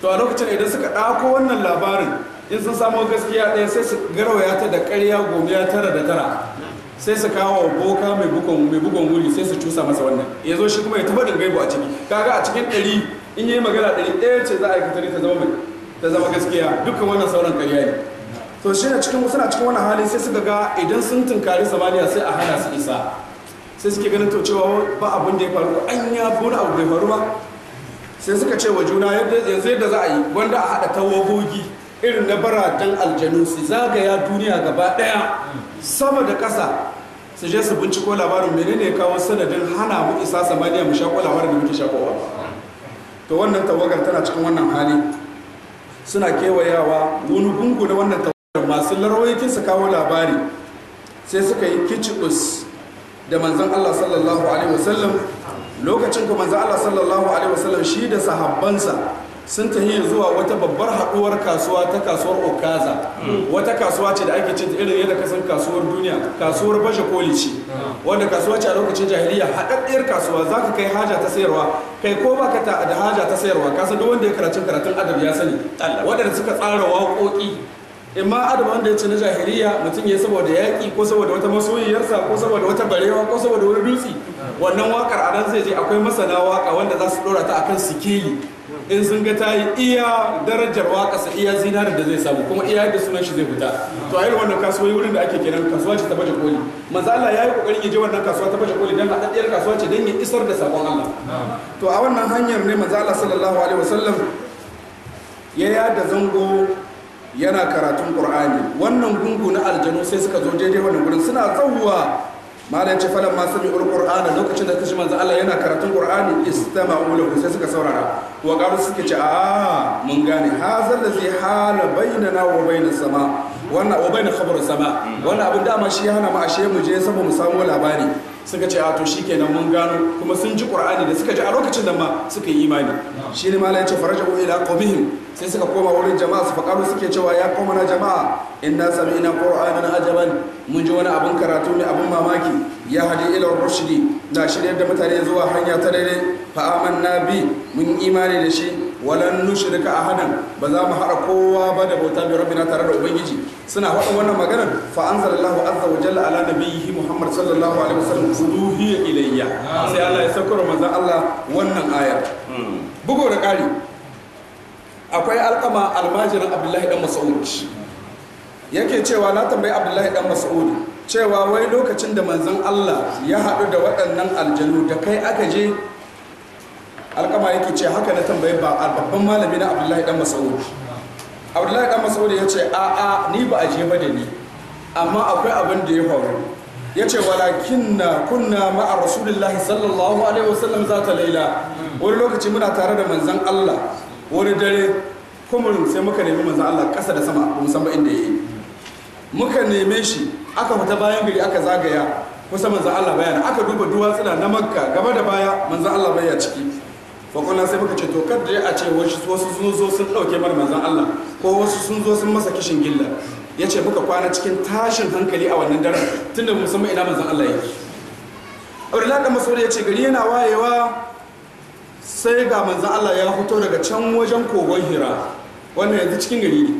to a lokacin idan suka ɗako wannan labarin in sun samu gaskiya ɗaya sai su ya ta da ƙarya ya tara da tara sai su kawo boka mai bugun mai bugon wuri sai su cusa masa wannan yazo shi kuma ya tabbadin gaibo a ciki kaga a cikin ɗari in yi magana ɗari ɗaya ce za a yi ta zama ta zama gaskiya dukkan wannan sauran kariya ne to shi ne cikin suna cikin wannan hali sai suka ga idan sun tunkari samaniya sai a hana su isa sai suke ganin to cewa ba abin da ya faru an ya buna abu bai faru ba sai suka ce wa juna yanzu yadda za a yi wanda a haɗa tawagogi irin na baratan aljanu su zagaya duniya gaba daya sama da kasa su je su binciko labarin menene kawo sanadin hana mu isa samaniya mu shako labarin da muke shakowa to wannan tawagar tana cikin wannan hali suna kewayawa wani gungu na wannan tawagar masu larwayoyin su kawo labari sai suka yi kicikus da manzon Allah sallallahu alaihi wasallam lokacin ku manzon Allah sallallahu alaihi wasallam shi da sahabbansa sun tafi zuwa wata babbar haɗuwar kasuwa ta kasuwar okaza wata kasuwa ce da ake cin irin yadda kasan kasuwar duniya kasuwar baje koli ce wanda kasuwa ce a lokacin jahiliya haɗaɗɗiyar kasuwa za ka kai haja ta sayarwa kai ko ba ka da haja ta sayarwa ka san duk wanda ya karatun karatun adab ya sani waɗanda suka tsara waƙoƙi ma adab wanda ya ce na jahiliya mutum ya saboda yaƙi ko saboda wata masoyiyarsa ko saboda wata barewa ko saboda wani dutse wannan waƙar a nan zai je akwai masana waka wanda za su ɗora ta akan sikeli in sun ga ta yi iya darajar sa iya zinar da zai samu kuma iya yadda sunan shi zai fita to a irin wannan kasuwa wurin da ake kenan kasuwa ce ta baje koli manzo ya yi kokarin ya je wannan kasuwa ta baje koli dan haɗaɗɗiyar kasuwa ce dan ya isar da sabon Allah to a wannan hanyar ne manzo Allah sallallahu alaihi wasallam ya yada zango yana karatun Qur'ani wannan gungu na aljanu sai suka zo daidai wannan gurin suna tsawwa malam ce falan masu mi qur'ana lokacin da kashi manzo Allah yana karatun qur'ani istama'u lahu sai suka saurara wa qalu suke ce a mun gane hazal ladzi hala bainana wa bain sama wannan wa bain khabar sama wannan abin dama shi hana mu ashe mu je saboda mu samu labari suka ce a to shikenan mun gano kuma sun ji qur'ani da suka ji a lokacin da ma suka yi imani shi ne malai ce faraja ila qawmihim sai suka koma wurin jama'a su faqalu suke cewa ya na jama'a inna sami'na qur'anan ajaban mun ji wani abin karatu mai abin mamaki ya hadi ila rushdi na shirye da mutane zuwa hanya ta daidai fa amanna bi mun imani da shi walan nushrika ahadan ba za mu hada kowa ba da bauta bi rabbina tare da ubangiji suna faɗin wannan maganar fa anzalallahu azza wa jalla ala nabiyhi muhammad sallallahu alaihi wasallam fuduhi ilayya sai Allah ya saukar manzon Allah wannan aya bugo da ƙari akwai alƙama almajirin abdullahi dan mas'ud yake cewa na tambayi abdullahi dan mas'ud cewa wai lokacin da manzon Allah ya haɗu da waɗannan aljanu da kai aka je alkama yake ce haka na tambayi ba a babban malami na abdullahi dan masaud abdullahi dan masaud ya ce a a ni ba a je ba da ni amma akwai abin da ya faru ya ce walakin na kunna ma'a rasulullahi sallallahu alaihi wasallam za ta laila wani lokaci muna tare da manzan allah wani dare kumurin sai muka nemi manzan allah ƙasa da sama ba musamman inda ya yi muka neme shi aka fita bayan gari aka zagaya kusa manzan allah bayana aka duba duwatsuna na makka gaba da baya manzan allah baya ciki na sai muka ce da ya a ce wasu sun zo sun ɗauke mana manzan Allah ko wasu sun zo sun masa kishin gilla ya ce muka kwana cikin tashin hankali a wannan daren tunda musamman ina manzan Allah yake abdullahi da masauri ya ce gari yana wayewa sai ga manzan Allah ya fito daga can wajen kogon hira wannan yanzu cikin gari ne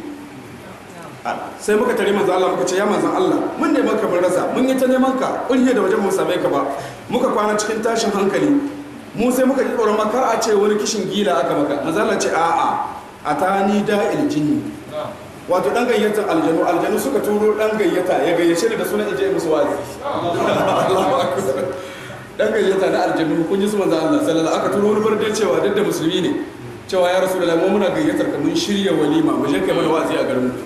sai muka tare manzan Allah muka ce ya manzan Allah mun neman ka mun rasa mun yi ta neman ka ƙulhe da wajen mu same ka ba muka kwana cikin tashin hankali mu sai muka kiɓar tsoron makar a ce wani kishin gila aka maka mazala ce a'a a ta ni da'il jini wato dan gayyatar aljanu aljanu suka turo dan gayyata ya gayyace ni da sunan ije musu wazi dan gayyata na aljanu kun ji su manzo Allah sallallahu aka turo wani barde cewa duk da musulmi ne cewa ya rasulullahi mu muna gayyatar ka mun shirya walima mu je kai mana wazi a garin mu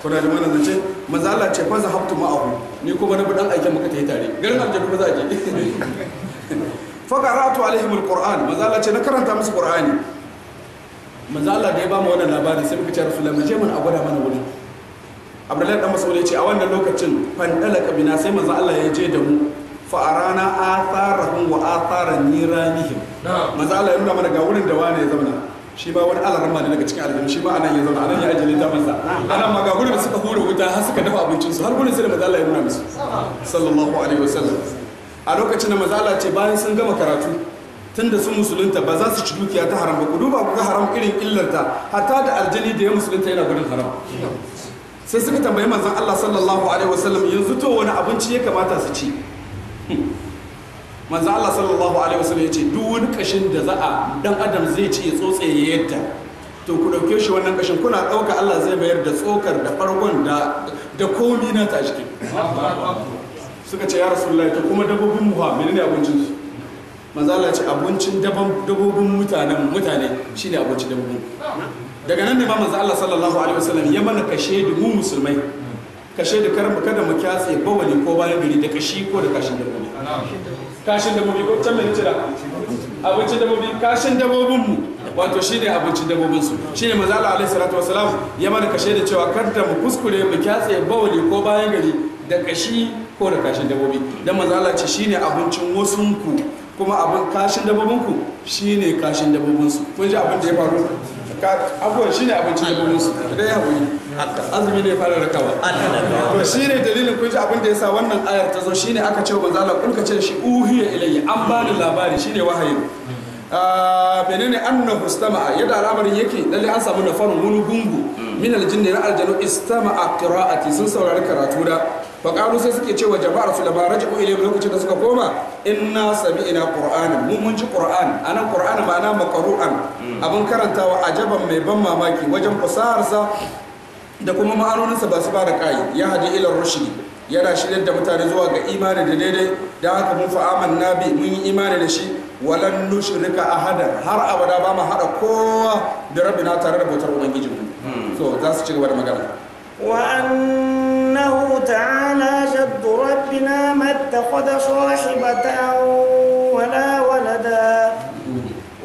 kuna da mana zance manzo Allah ce fa zahabtu ma'ahu ni kuma na bi dan aikin muka yi tare garin aljanu ba za a je faƙaratu alaihimul qur'an Maza Allah ce na karanta musu qur'ani Maza Allah da ya ba mu wannan labarin sai muka ce rasulullahi mu je mun gwada mana wuri Abdullahi dan Mas'ud ya ce a wannan lokacin fandala kabina sai manzo Allah ya je da mu fa arana atharahum wa athara niranihim Maza Allah ya nuna mana ga wurin da wani ya zauna shi ba wani alarma ne daga cikin aljanu shi ba anan ya zauna anan ya ajiye ta masa anan ma ga da suka hura wuta har suka dafa abincinsu har gurin sai da manzo Allah ya nuna musu sallallahu alaihi wasallam a lokacin da mazala ce bayan sun gama karatu tun da sun musulunta ba za su ci dukiya ta haram ba ku duba ku ga haram irin illarta hatta da aljini da ya musulunta yana gurin haram sai suka tambayi manzon Allah sallallahu alaihi wasallam yanzu to wani abinci ya kamata su ci manzon Allah sallallahu alaihi wasallam ya ce duk wani kashin da za a dan adam zai ci ya tsotse ya yadda to ku dauke shi wannan kashin kuna dauka Allah zai bayar da tsokar da farkon da da komi na ta cikin suka ce ya rasulullahi to kuma dabobin mu fa menene abincin su manzo Allah ce abincin dabobin mutanen mutane shine abincin dabbobin daga nan ne ba manzo Allah sallallahu alaihi wasallam ya mana kashe da mu musulmai kashe da karmu kada mu kyatse bawali ko bayan gari da kashi ko da kashin dabobi kashin dabobi ko can mai tira abincin dabobi kashin dabobin mu wato shine abincin dabobin su shine manzo Allah alaihi salatu wasalam ya mana kashe da cewa kada mu kuskure mu kyatse bawali ko bayan gari da kashi ko da kashin dabbobi dan manzo Allah ce shine abincin wasunku kuma abin kashin dabbobinku shine kashin dabbobinsu kun ji abin da ya faru abuwa shine abincin dabbobinsu da ya hauri azumi ne fara rakawa to shine dalilin kun ji abin da yasa wannan ayar ta zo shine aka ce manzo Allah kulka ce shi uhiya ilayya an bani labari shine wahayi ah, menene annahu istama'a yadda al'amarin yake dalilin an samu nafarun wani gungu min aljinni na aljanu istama'a qira'ati sun saurari karatu da qalu sai suke cewa jama'ar su labara jiku ila lokacin da suka koma inna sami ina mu mun mun ji qur'an anan qur'an ma'ana makaru'an abun karantawa ajaban mai ban mamaki wajen fasaharsa da kuma ma'anoninsa ba su ba da kai ya haji ilar rushdi yana shirin da mutane zuwa ga imani da daidai da haka mun fa'aman nabi mun yi imani da shi walan nushrika ahadan har abada ba mu hada kowa da rabina tare da bautar ubangijinmu so za su ci gaba da magana وأنه تعالى جد ربنا ما اتخذ صاحبة ولا ولدا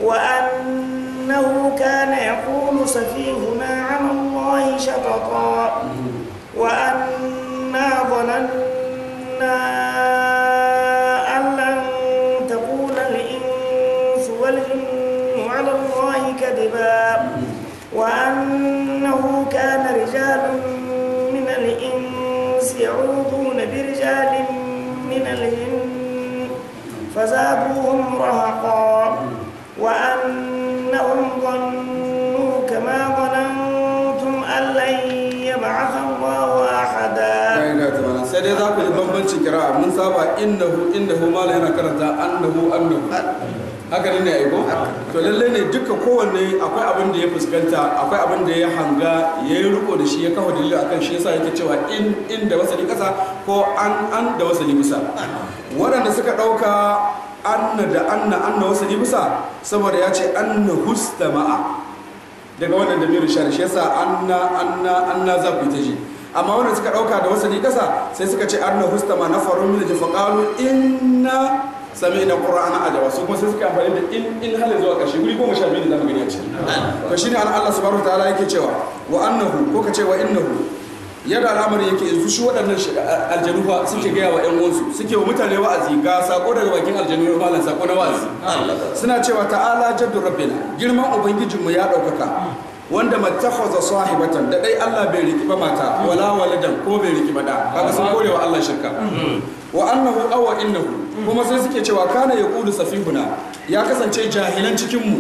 وأنه كان يقول سفيهنا عن الله شططا وأنا ظننا فزادوهم رهقا وأنهم ظنوا كما ظننتم أن لن يبعث الله أحدا sai dai za ku ji bambancin kira mun saba innahu innahu mala yana karanta annahu annahu haka ne aiko to lallai ne duka kowanne akwai abin da ya fuskanta akwai abin da ya hanga ya yi riko da shi ya kafa dalili akan shi yasa yake cewa in inda ni kasa ko an an da wasali bisa waɗanda suka ɗauka anna da anna anna wasali bisa saboda ya ce anna ma'a daga wannan damirin shari shi yasa anna anna anna za ku ta ji amma wannan suka ɗauka da wasali kasa sai suka ce anna hustama na farun min in inna sami na qur'ana ajawa su kuma sai suka amfani da in in halin zuwa ƙarshe wuri goma sha biyu da zama gani a ciki to shine Allah subhanahu ta'ala yake cewa wa annahu ko ka ce wa innahu yadda al'amari yake yanzu shi waɗannan aljanu fa suke gaya wa 'yan uwansu suke wa mutane wa'azi ga sako daga bakin aljanu ya malam sako na wa'azi suna cewa ta'ala jaddu rabbina girman ubangijinmu ya ɗaukaka wanda matakhaza sahibatan da dai Allah bai riki ba mata wala waladan ko bai riki ba da kaga sun kore wa Allah shirka wa annahu awa innahu kuma sai suke cewa kana yaqulu safihuna ya kasance jahilan cikin mu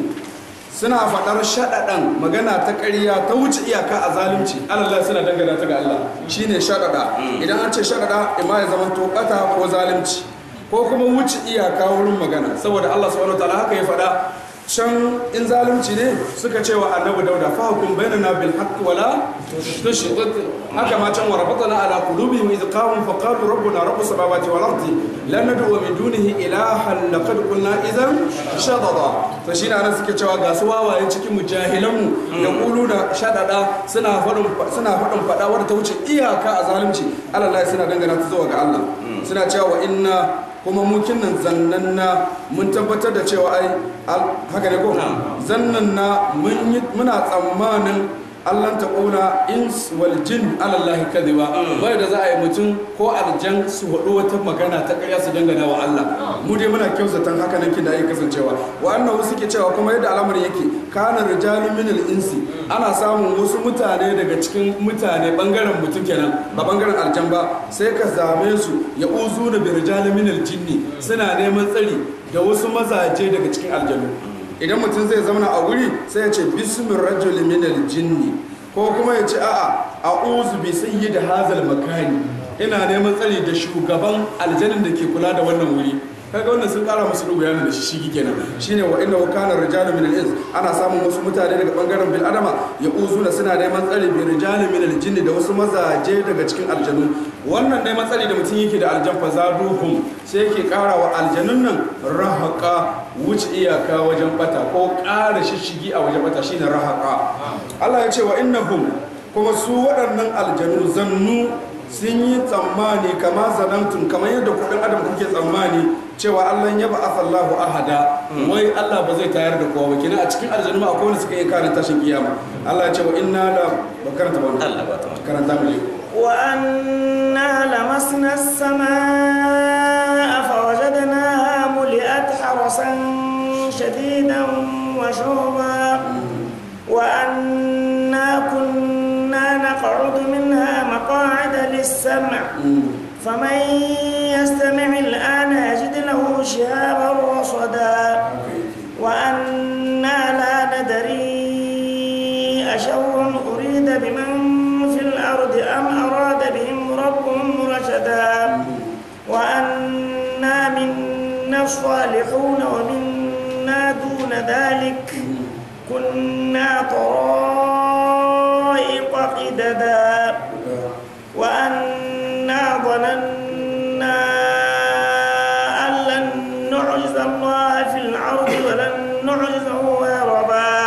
suna faɗar shaɗaɗan magana ta ƙarya ta wuce iyaka a zalunci alallah suna dangana ta ga Allah shine shaɗaɗa mm. idan an ce shaɗaɗa ima ya zama to ko zalunci ko kuma wuce iyaka wurin magana saboda Allah subhanahu wataala haka ya faɗa can in zalunci ne suka ce wa annabi dauda fa hukum bainana bil haqq wala tushrik haka ma can warafatana ala qulubi wa idqahum fa qalu rabbuna rabbus samawati wal ardi lan nad'u min dunihi ilaha laqad qulna idhan shadada fa shi na suke cewa ga su wawaye cikin mujahilan mu da kulu da shadada suna fadin suna fadin fada ta wuce iyaka a zalunci Allah suna dangana ta zuwa ga Allah suna cewa inna kuma mun nan zannan na mun tabbatar da cewa ai haka ne ko zannan na muna tsammanin allan ta ƙuna ins wal jin alallahi kadiba bai da za a yi mutum ko aljan su haɗu wata magana ta ƙarya su dangana wa Allah mu dai muna kyautatan haka nan da yi kasancewa wa'annan wasu ke cewa kuma yadda al'amari yake kana rijalun min insi ana samun wasu mutane daga cikin mutane bangaren mutum kenan ba bangaren aljan ba sai ka zame su ya uzu da bi rijalun min jinni suna neman tsari da wasu mazaje daga cikin aljanu idan mutum zai zauna a wuri sai ya ce bismin rajo min jinni ko kuma ya ce a'a a uzu bi da hazal makani ina neman tsari da shugaban aljanin da ke kula da wannan wuri kaga wannan sun kara musu yana da shi shi kenan shine wa inna kana rijalun min al ana samun wasu mutane daga bangaren bil adama ya na suna neman tsari bi rijalun min al da wasu mazaje daga cikin aljanu wannan neman tsari da mutum yake da aljan duhun sai yake kara wa aljanun nan rahaqa wuce iyaka wajen bata ko ƙara shishigi a wajen bata shine rahaka Allah ya ce wa innahum kuma su waɗannan aljanu zannu sun yi tsammani kama zanantun kamar yadda kuɗin adam kuke tsammani cewa Allah ya ba afallahu ahada wai Allah ba zai tayar da kowa kina a cikin aljanu ma akwai wanda suka yi kare tashin kiyama Allah ya ce wa inna la ba karanta ba Allah ba ta karanta mu wa anna lamasna samaa عطشا شديدا وشربا وأنا كنا نقعد منها مقاعد للسمع فمن يستمع الآن يجد له شهابا رصدا الصالحون ومنا دون ذلك كنا طرائق قددا وأنا ظننا أن لن نعجز الله في الأرض ولن نعجزه هربا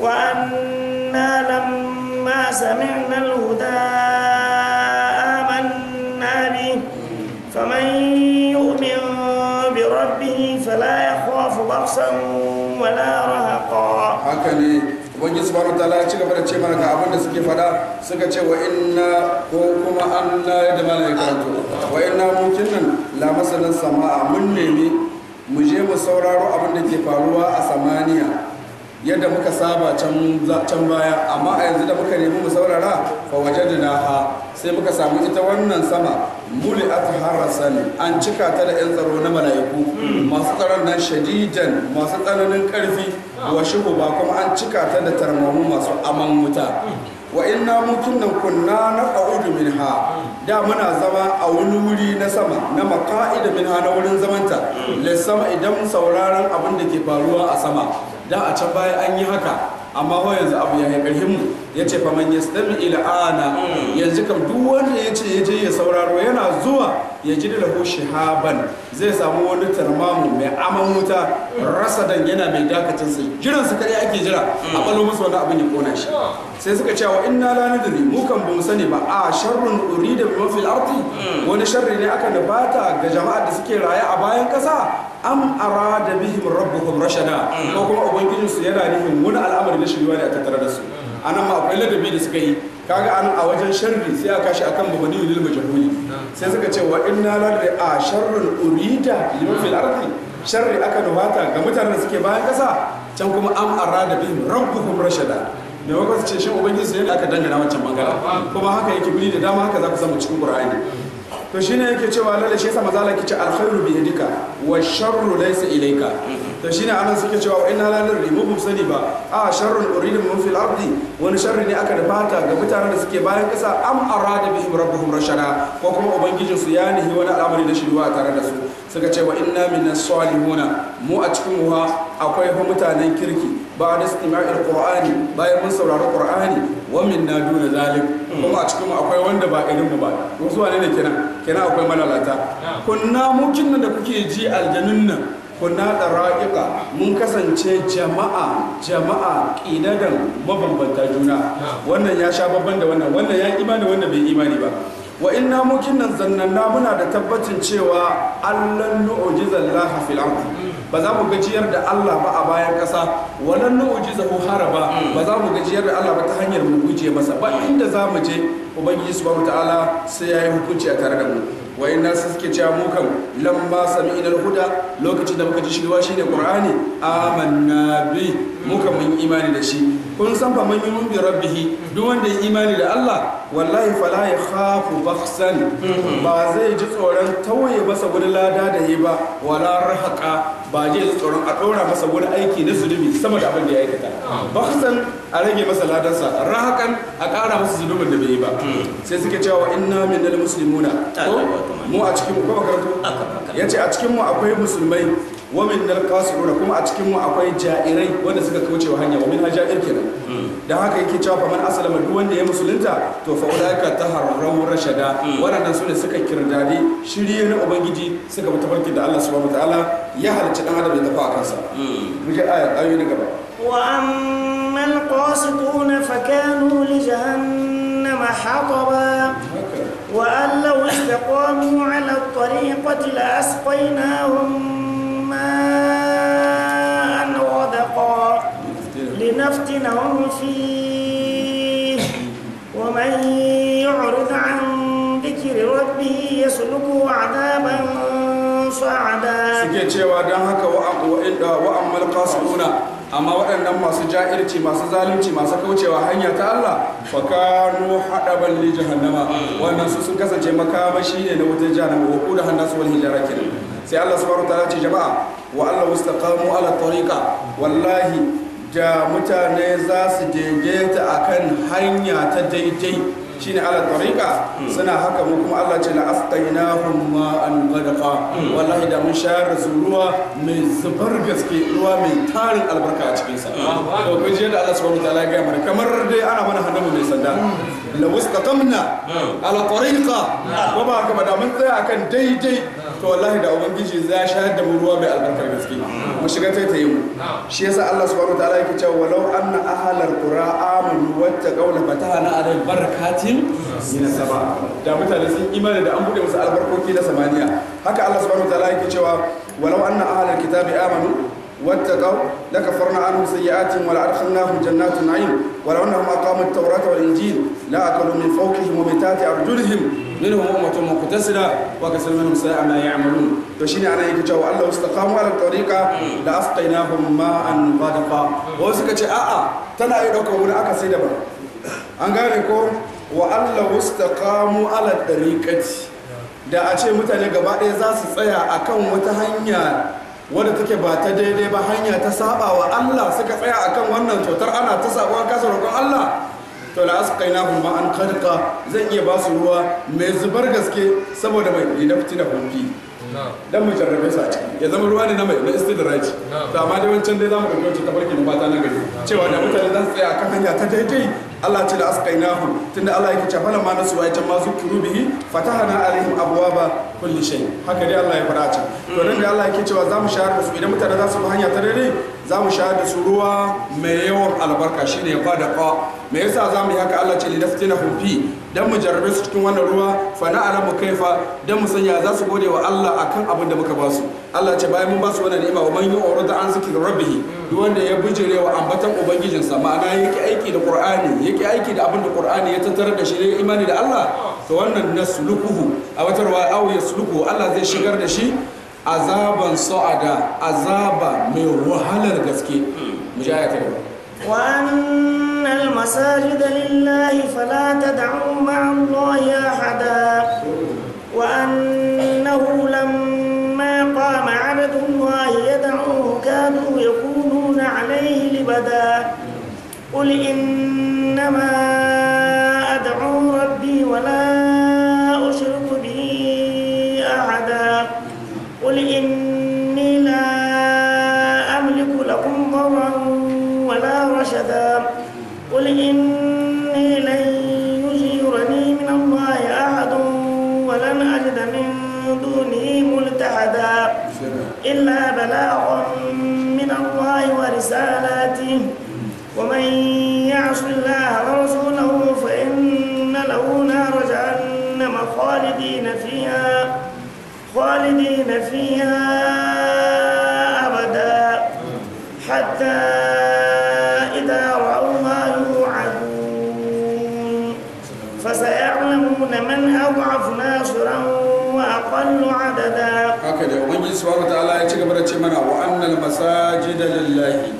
وأنا لما سمعنا الهدى خوفا ولا رهقا هكذا ubangiji subhanahu ta'ala ya ci gaba da ce mana ga abin da suke fada suka ce wa inna ko kuma an na yadda mana ya karanto wa inna mukin nan la masalan sama'a mun nemi mu je mu sauraro abin da ke faruwa a samaniya yadda muka saba can baya amma a yanzu da muka nemi mu saurara fa na ha sai muka samu ita wannan sama muli harasan an cika ta da yan tsaro na mala'iku masu tsaron nan shadidan masu tsananin karfi wa ba kuma an cika ta da tarmamu masu aman wuta wa inna mutun nan kunna na min ha? da muna zama a wani wuri na sama na maka'id ha na wurin zamanta lissama idan sauraron abin da ke faruwa a sama da a can baya an yi haka amma ho yanzu abu ya yi himmu. mu ya ce fa man yastami ila ana yanzu kam duk wanda ya ce ya je ya sauraro yana zuwa ya ji da lahu shihaban zai samu wani tarmamu mai aman wuta rasa dan yana mai dakacin su jiran su kare ake jira a ballo musu wani abin ya kona shi sai suka ce wa inna la nadri mu kan bamu sani ba a sharrun urida bi fil ardi wani sharri ne aka bata ga jama'a da suke raye a bayan kasa am arada bihim rabbuhum rashada ko kuma ubangijinsu yana nufin wani al'amari na shiriwa ne a tattare da su a nan ma akwai ladabi da suka yi kaga an a wajen sharri sai aka shi akan mabani lil majhuli sai suka ce wa na la a sharrun urida liman fil ardi sharri aka nubata ga mutanen da suke bayan kasa can kuma am arada bihim rabbuhum rashada da waka su ce shin ubangiji sai da aka dangana wancan bangara kuma haka yake biri da dama haka za ku samu cikin qur'ani to shine yake cewa lalle shi maza mazala kici alkhairu bi yadika wa sharru laysa ilayka to shine anan suke cewa inna la nadri mu bum sani ba a sharrul uridu mun fil ardi wani sharri ne aka dafata ga mutanen da suke bayan kasa am arada bihim rabbuhum rashada ko kuma ubangijin su ya nihi wani al'amari da shiruwa tare da su suka ce wa inna minas salihuna mu a cikin wa akwai ba mutanen kirki ba da istima'il qur'ani bayan mun saurari qur'ani wa minna duna zalim kuma a cikin akwai wanda ba irin mu ba mun zuwa ne kenan kenan akwai malalata kunna mukin da kuke ji aljannun nan kuna da ra'ika mun kasance jama'a jama'a ƙidadan mabambanta juna wannan ya sha babban da wannan wannan ya imani wannan bai imani ba wa inna mukin nan zannanna muna da tabbacin cewa allan nu'jizal laha fil ba za mu gajiyar da Allah ba a bayan ƙasa walan nu'jizahu haraba ba za mu gajiyar da Allah ba ta hanyar mu guje masa ba inda za mu je ubangiji subhanahu ta'ala sai yayi hukunci a tare da mu wayan nasu suke cewa mu kan sami idan huda lokacin da muka ji shirwa shine qur'ani amanna bi mu kan mun imani da shi kun san fa mun yu'minu bi rabbih duk wanda ya imani da Allah wallahi fala ya khafu bakhsan ba zai ji tsoron tawaye masa wani lada da yi ba wala rahaka ba zai ji tsoron a ɗora masa wani aiki na zunubi sama da abin da ya aikata bakhsan a rage masa ladansa rahakan a kara masa zunubin da bai yi ba hmm. sai suke cewa inna minal muslimuna mu a cikin mu ko ya ce a cikin mu akwai musulmai wa min dal qasiruna kuma a cikin mu akwai ja'irai wanda suka kauce wa hanya wa min hajair kenan hmm. da haka yake cewa faman asalama duk wanda ya musulunta to fa ulaika taharrahu rashada hmm. waɗannan su ne suka kirdade shirye na ubangiji suka bi tafarkin da Allah subhanahu wataala ya halicci dan adam ya tafi a kansa hmm. muke aya ayoyi na gaba wa ammal qasituna fa kanu li jahannama hataba wa alla أقاموا على الطريقة لأسقيناهم ماء غدقا لنفتنهم فيه ومن يعرض عن ذكر ربه يسلكه عذابا صعدا سكي cewa dan haka wa amma waɗannan masu ja'irci masu zalunci masu kaucewa hanya ta Allah fa kanu hadaban li jahannama wannan su sun kasance makamashi ne na wutar jahannama wa qudu hannasu wal hijara kin sai Allah subhanahu wa ta'ala ce jama'a wa Allah mustaqamu ala tariqa wallahi da mutane za su daidaita akan hanya ta daidai shine ala tariqa hmm. suna haka mu kuma Allah ce la afqainahum ma'an ghadqa hmm. wallahi da mun shayar da ruwa mai zubar gaske ruwa mai tarin albarka a cikin sa hmm. to kun ji da Allah subhanahu wataala ya gaya kamar dai ana mana hannu mai sanda la wusqatamna ala tariqa wa ba haka ba da mun tsaya akan daidai to wallahi da ubangiji za shahar da mu ruwa mai albarkar gaske mu shiga ta tayi mu shi yasa Allah subhanahu wataala yake cewa walau anna ahlal qura amanu wattaqaw la fatahna alaihim barakatin min sama da mutane sun imani da an bude musu albarkoki na samaniya haka Allah subhanahu wataala yake cewa walau anna ahlal kitabi amanu واتقوا لكفرنا عنهم سيئاتهم ولأدخلناهم جنات النعيم ولو أنهم أقاموا التوراة والإنجيل لأكلوا من فوقهم ومن تحت أرجلهم منهم أمة مقتصدة وكثير منهم ساء ما يعملون فشيني أنا يكي جاو الله استقاموا على الطريقة لأسقيناهم ماء غدقا وسكا جاء آآ تنا يدوك ولا أكا سيدة بنا أنغاريكو استقاموا على الطريقة da a ce mutane gaba ɗaya za su tsaya a kan wata hanya wadda take ba ta daidai ba hanya ta saba wa Allah suka tsaya a kan wannan cutar ana ta sabuwa kasa roƙon Allah to la ma an karka zan iya ba su ruwa mai zubar gaske saboda mai lidafti da hunfi dan mu jarrabe sa ciki ya zama ruwa ne na mai na istidraji to amma dai wancan dai zamu dauki wancan tabarki na ta na gari cewa da mutane zan tsaya kan hanya ta daidai Allah ce da asqainahu tunda Allah yake cewa falamma nasu wa ayatan masu zukiru bihi fatahana alaihim abwaba kulli shay haka dai Allah ya fara ta to dan da Allah yake cewa za mu shahar da su idan mutane za su hanya ta dare za mu shahar da su ruwa mai yawan albarka shine ya bada kwa me yasa za mu yi haka Allah ce linaftina fi dan mu jarrabe su cikin wannan ruwa fa na'lamu kaifa dan mu sanya za su gode wa Allah akan abin da muka ba su Allah ce bayan mun ba su wannan ni'ima wa man da an zikri rabbih duk wanda ya bijire wa ambatan ubangijinsa ma'ana yake aiki da qur'ani yake aiki da abin da qur'ani ya tattara da shi ne imani da Allah to wannan nasluquhu a wata ruwa aw yasluquhu Allah zai shigar da shi azaban sa'ada azaba mai wahalar gaske mu ji ayata wa annal masajida lillahi fala tad'u ma'a Allah كانوا يكونون عليه لبدا قل إنما أدعو ربي ولا أشرك به أحدا قل إني لا أملك لكم ضرا ولا رشدا قل إني لن يجيرني من الله أحد ولن أجد من دونه ملتحدا إلا بلاغا ورسالاته ومن يعص الله ورسوله فإن له نار جهنم خالدين فيها خالدين فيها أبدا حتى إذا رأوا ما يوعدون فسيعلمون من أضعف ناصرا wa aqallu adada haka da ubangiji subhanahu ta'ala ya ci gaba da ce mana wa annal masajida lillahi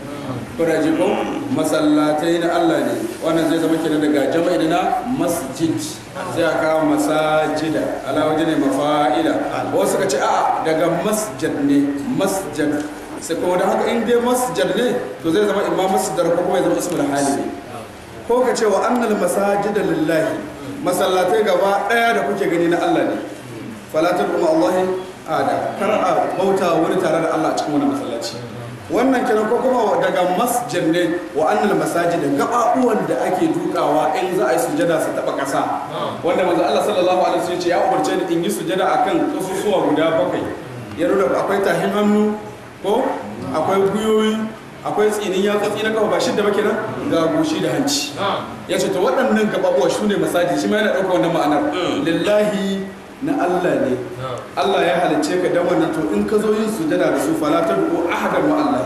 furajibun masallatai na Allah ne wannan zai zama kenan daga jama'i na masjid sai a kawo masajida ala waje ne mafa'ila wasu suka ce daga masjid ne sai kuma da haka in dai masjid ne to zai zama imma masjidar ko kuma ya zama ismul ne ko ka ce wa masajida lillahi masallatai gaba ɗaya da kuke gani na Allah ne falatar kuma allahi ada kar a bauta wani tare da allah cikin wani masallaci wannan kenan ko kuma daga masjid ne wa annal masajid da gababuwan da ake dukawa in za a yi sujada su taba kasa wanda manzo Allah sallallahu alaihi wasallam ya umarce ni in yi sujada akan kasusuwa guda bakwai ya nuna akwai tahin hannu ko akwai guyoyi akwai tsinin ya tsatsi na kafa ba da ba kenan ga gushi da hanci ya ce to waɗannan shi ne masajid shi ma yana ɗauka wannan ma'anar mm. lillahi na Allah ne Allah ya halice ka dan wannan to in ka zo yin sujada da su fala ta du'u ahadan wa Allah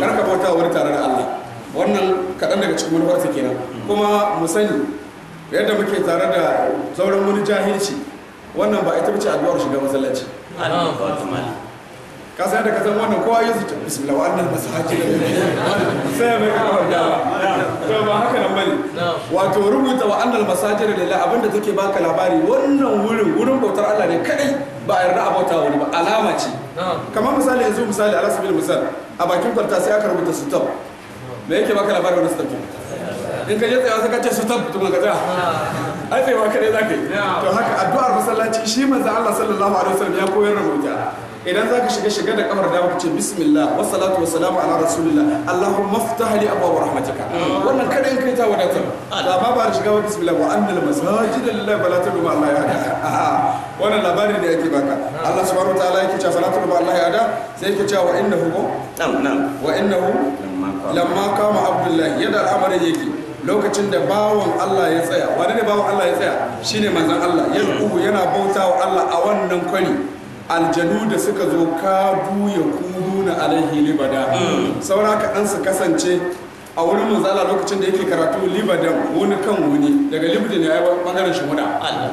kar ka bauta wani tare da Allah wannan kaɗan daga cikin manufarsa kenan mm. kuma mu sani yadda muke tare da sauran wani jahilci wannan ba ita bace addu'ar shiga masallaci ka san da ka san wannan kowa ya zuta bismillah wa annal masahaji sai mai ka wanda to ba haka nan bane wato rubuta wa annal masahaji lillahi abinda take baka labari wannan wurin wurin bautar Allah ne kadai ba a yarda a bauta wani ba alama ce kamar misali yanzu misali ala sabil misal a bakin kwalta sai aka rubuta stop me yake baka labari wannan stop in ka je tsayawa sai ka ce stop to ka tsaya ai tsayawa kare zaka yi to haka addu'ar masallaci shi manzo Allah sallallahu alaihi wasallam ya koyar da mu idan za ka shiga shiga da kamar dama ce bismillah wa salatu wa salamu ala rasulillah allahumma hali li abwaab rahmatika wannan kada in kai ta wadatar da ba ba shiga wa bismillah wa annal masajid lillahi fala tad'u ma allahi ahada wannan labarin da yake baka Allah subhanahu wa ta'ala yake cewa fala tad'u ma allahi ahada sai yake cewa wa innahu ko na'am na'am wa innahu lamma kama abdullahi yadda al'amari yake lokacin da bawon Allah ya tsaya wani ne bawon Allah ya tsaya shine manzon Allah ya yana bautawa Allah a wannan kwari aljanu da suka zo ka buya kudu na alaihi libada hmm. saura kaɗan su kasance a wurin manzala lokacin da yake karatu libadan wani kan wani daga libadan ya yi bangaren shi muda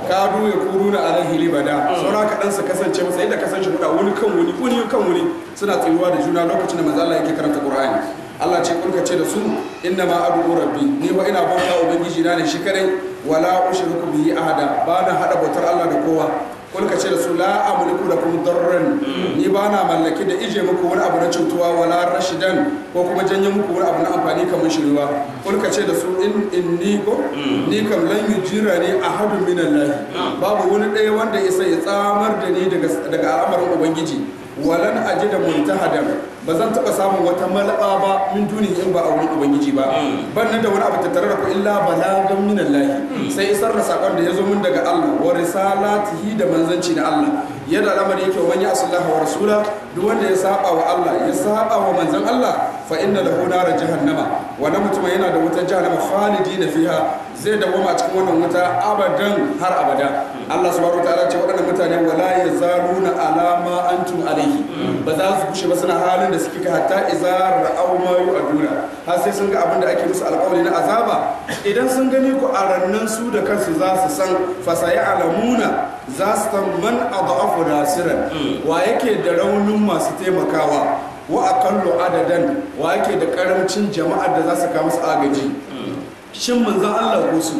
ka buya kudu na alaihi libada hmm. saura kaɗan su kasance masa yadda kasan shi muda wani kan wani wani kan wani suna tsayuwa da juna lokacin da manzala yake karanta qur'ani Allah ce kun ce da su inna ma abu rabbi ni ba ina bauta ubangiji na ne shi kadai wala ushriku bihi ahada ba na hada bautar Allah da kowa kun ka ce da su la da kuma darren ni ba na mallaki da ije muku wani abu na cutuwa wala rashidan ko kuma janye muku wani abu na amfani kamar shirwa kun ce da su in inni ko ni kam lan jira ne a hadu minallahi babu wani ɗaya wanda isa ya tsamar da ni daga daga al'amarin ubangiji walan ajida muntahadan ba zan taɓa samun wata malaba ba min duni in ba a wurin ubangiji ba hmm. ban nan da wani abu tattare da ku illa balagan min Allah hmm. sai isar da sakon da ya zo min daga Allah wa risalatihi da manzanci na Allah yadda al'amari yake wa man ya asallaha wa rasula duk wanda ya saba wa Allah ya saba wa manzon Allah fa inna lahu nar jahannama wannan mutum yana da wutar jahannama khalidina fiha zai a cikin wannan wuta abadan har abada hmm. Allah subhanahu wataala ce waɗannan mutane wala yazaluna alama antum alaihi ba za su kushe ba suna halin da da suke ka hatta izar ra'au ma yu'aduna har sai sun ga abin da ake musu alƙawari na azaba idan sun gani ku a rannan su da kansu za su san fasaya alamuna za su san man adafu nasiran hmm. wa yake da raunin masu taimakawa wa akallu adadan wa yake da karamcin jama'ar da za su kawo musu agaji hmm. shin manzon Allah ko su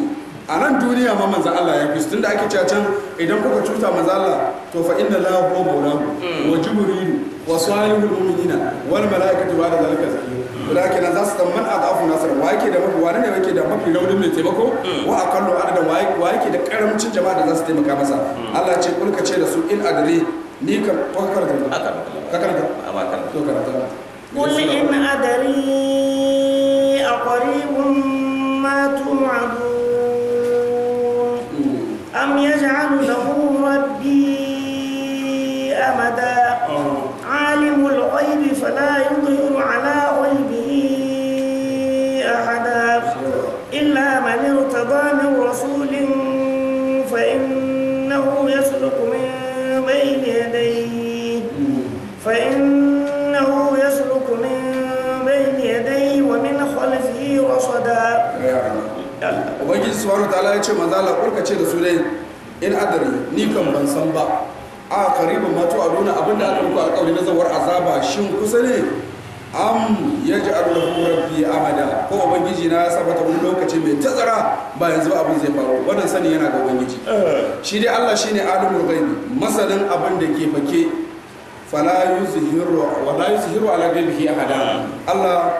a nan duniya ma manzan Allah ya fi tun da ake cacan idan kuka cuta manzan Allah to fa inna la huwa maulahu wa hmm. jibrilu wa salihul mu'minina wal malaikatu ba da zalika zakiyu walakin za su san man nasara wa yake da mafi wani ne yake da mafi raunin mai taimako wa akallu adada wa yake da karamcin jama'a da za su taimaka masa Allah ce kulka ce da su in ni ka da ka قل إن أدري أقريب ما توعدون ولا يظهر على غيبه أحدا إلا من ارتضى من رسول فإنه يسلك من بين يديه فإنه يسلك من بين يديه ومن خلفه رصدا Ubangiji Subhanahu wa ta'ala ya ce manzo Allah kurkace da su dai in adari ni kan ban san ba a karibin mato a nuna abinda aka a alƙawari na zawar azaba shin kusa ne am ya ji arlahu rabbi amada ko ubangiji na ya sabata wani lokaci mai tazara ba yanzu abin zai faru wannan sani yana ga ubangiji eh. shi dai Allah shine alimul ghaibi masanin abin da ke fake fala yuzhiru wa la yuzhiru ala ghaibihi ahada Allah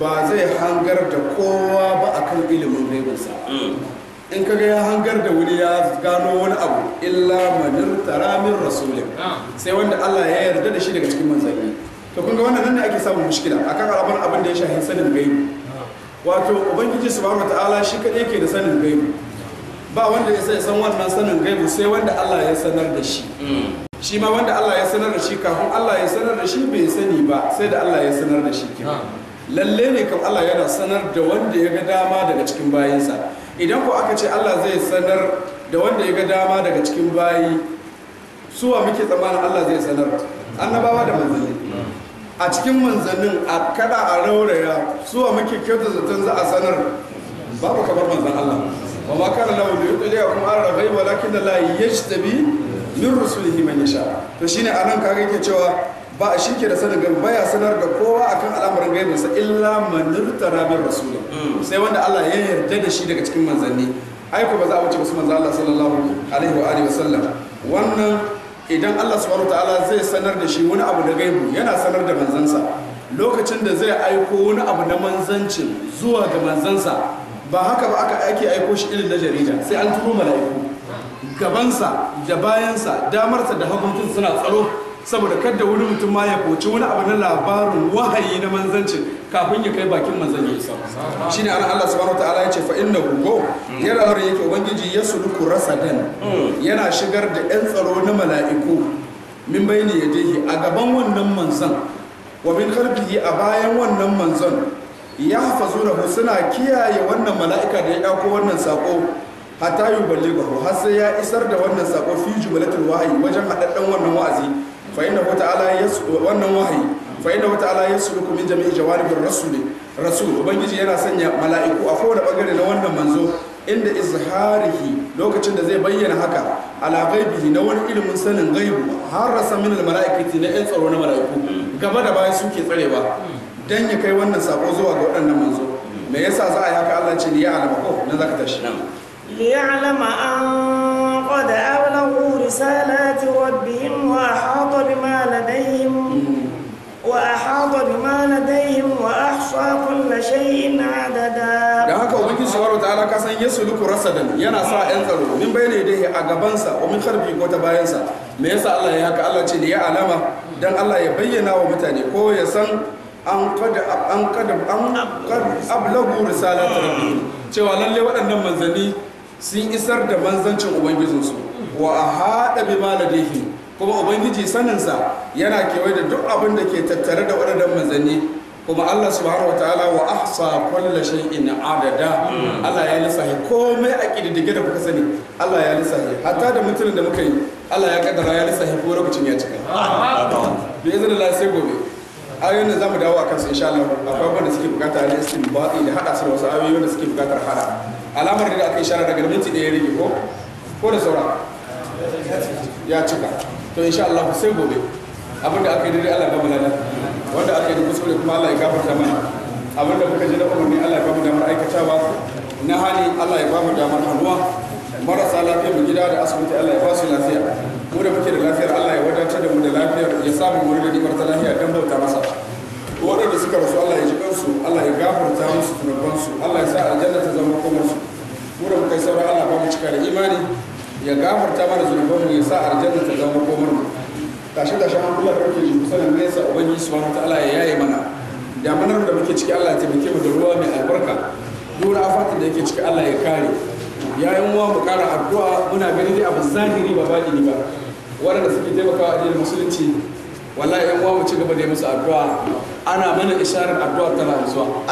ba zai hangar da kowa ba akan ilimin ghaibinsa hmm. in ka ga ya hangar da wuri ya gano wani abu illa manin taramin rasulin ah. sai wanda Allah ya yarda da shi daga cikin manzanni to kun ga wannan nan ne ake samun mushkila akan al'amarin abin da ya shahin sanin gaibi ah. wato ubangiji subhanahu wataala shi kadai yake da sanin gaibi ba wanda ya sai san wannan sanin gaibi sai wanda Allah ya sanar da shi hmm. shi ma wanda Allah ya sanar da shi kafin Allah ya sanar da shi bai sani ba sai da Allah ya sanar da shi kenan ah. lalle ne kam Allah yana sanar da wanda ya ga dama daga cikin bayansa idan ku aka ce Allah zai sanar da wanda ya ga dama daga cikin bayi suwa muke tsammanin Allah zai sanar annabawa da manzanni a cikin manzannin a kada a rauraya suwa muke kyauta zaton za a sanar babu kamar manzan Allah ba ma kana lahu li yudliya kuma ala ghaibi walakin la yajtabi min rusulihi man yasha to shine anan kaga yake cewa ba a shike da sanin gaibi baya sanar da kowa a akan al'amuran gaibinsa illa manurta rabin rasulun hmm. sai wanda Allah ya yarda da shi daga cikin manzanni ai ba za a wuce musu manzan Allah sallallahu alaihi wa alihi wasallam wannan idan Allah subhanahu ta'ala zai sanar da shi wani abu da gaibu yana sanar da manzansa lokacin da zai aiko wani abu na manzancin zuwa ga manzansa ba haka ba aka ake aiko shi irin da jarida sai an turo mala'iku gabansa da bayansa damarsa da haguntun suna tsaro saboda kada wani mutum ma ya koci wani abu na labarin wahayi na manzancin kafin ya kai bakin manzanni shi ne anan Allah subhanahu wataala ya ce fa na go mm. yana har yake ubangiji ya suluku dan. Mm. yana shigar da yan tsaro na mala'iku min bayni yadihi a gaban wannan manzan wa min a bayan wannan manzan ya hafazunahu suna kiyaye wannan mala'ika da ya dauko wannan sako hatta yuballighu har sai ya isar da wannan sako fi jumlatul wahyi wajen hadaddan wannan wa'azi fa innahu ta'ala yasdu wannan wahayi fa innahu ta'ala yasluku min jami'i jawaribir ubangiji yana sanya mala'iku a kowane bangare na wannan manzo inda izharihi lokacin da zai bayyana haka ala ghaibihi na wani ilimin sanin ghaibu har rasa min mala'ikati na yan tsaro na mala'iku gaba da baya suke tsarewa dan ya kai wannan sako zuwa ga waɗannan manzo me yasa za a yi haka Allah ce ni ya alama ko nan zaka tashi na'am li ya'lama an qad برسالات ربهم وأحاط بما لديهم وأحاط بما لديهم وأحصى كل شيء عددا da haka ubangiji subhanahu ta'ala ka san yesu luku rasadan yana sa yan tsaro min bayyana dai a gabansa wa min ko ta bayansa me yasa Allah ya haka Allah ce da ya alama dan Allah ya bayyana wa mutane ko ya san an kada an kada an ablagu risalatu rabbi cewa lalle waɗannan manzanni sun isar da manzancin ubangijinsu wa ahada bima ladayhi kuma ubangiji saninsa yana kewaye da duk abin da ke tattare da wadannan manzanni kuma Allah subhanahu wataala wa ahsa kulli shay'in adada Allah ya lissafi komai a kididdige da kuka sani Allah ya lissafi hatta da mutumin da muka yi Allah ya kaddara ya lissafi ko rubucin ya cika bi izin Allah sai gobe ayoyin da za mu dawo a kansu insha Allah akwai wanda suke bukata ne su baɗi da haɗa su da wasu ayoyi wanda suke bukatar hada alamar da aka yi shara daga minti ɗaya rage ko ko da saura ya cika to insha Allah sai gobe da aka yi daidai Allah mu mulana wanda aka yi kuskure kuma Allah ya gafarta mana da muka ji da umarni Allah ya ba mu damar aikatawa na hali Allah ya ba mu damar hannuwa marasa lafiya mu gida da asibiti Allah ya ba su lafiya mu da muke da lafiyar Allah ya wadatar da mu da lafiyar ya samu mu da nimar ta lafiya dan bauta masa waɗanda suka rasu Allah ya ji kansu Allah ya gafarta musu tunabansu Allah ya sa aljanna ta zama kuma su mu da muka yi sauran Allah ba mu cika da imani ya gafarta mana mu ya sa aljanna ta zama komar mu tashi da shaman kula karfe shi ne sa ubangiji subhanahu ta'ala ya yaye mana da manar da muke ciki Allah ya muke mu da ruwa mai albarka dora afatin da yake ciki Allah ya kare yayin wa mu kara addu'a muna gani dai abu zahiri ba ne ba waɗanda suke taimakawa a addinin musulunci wallahi yan uwa mu ci gaba da musu addu'a ana mana isharar addu'a tana zuwa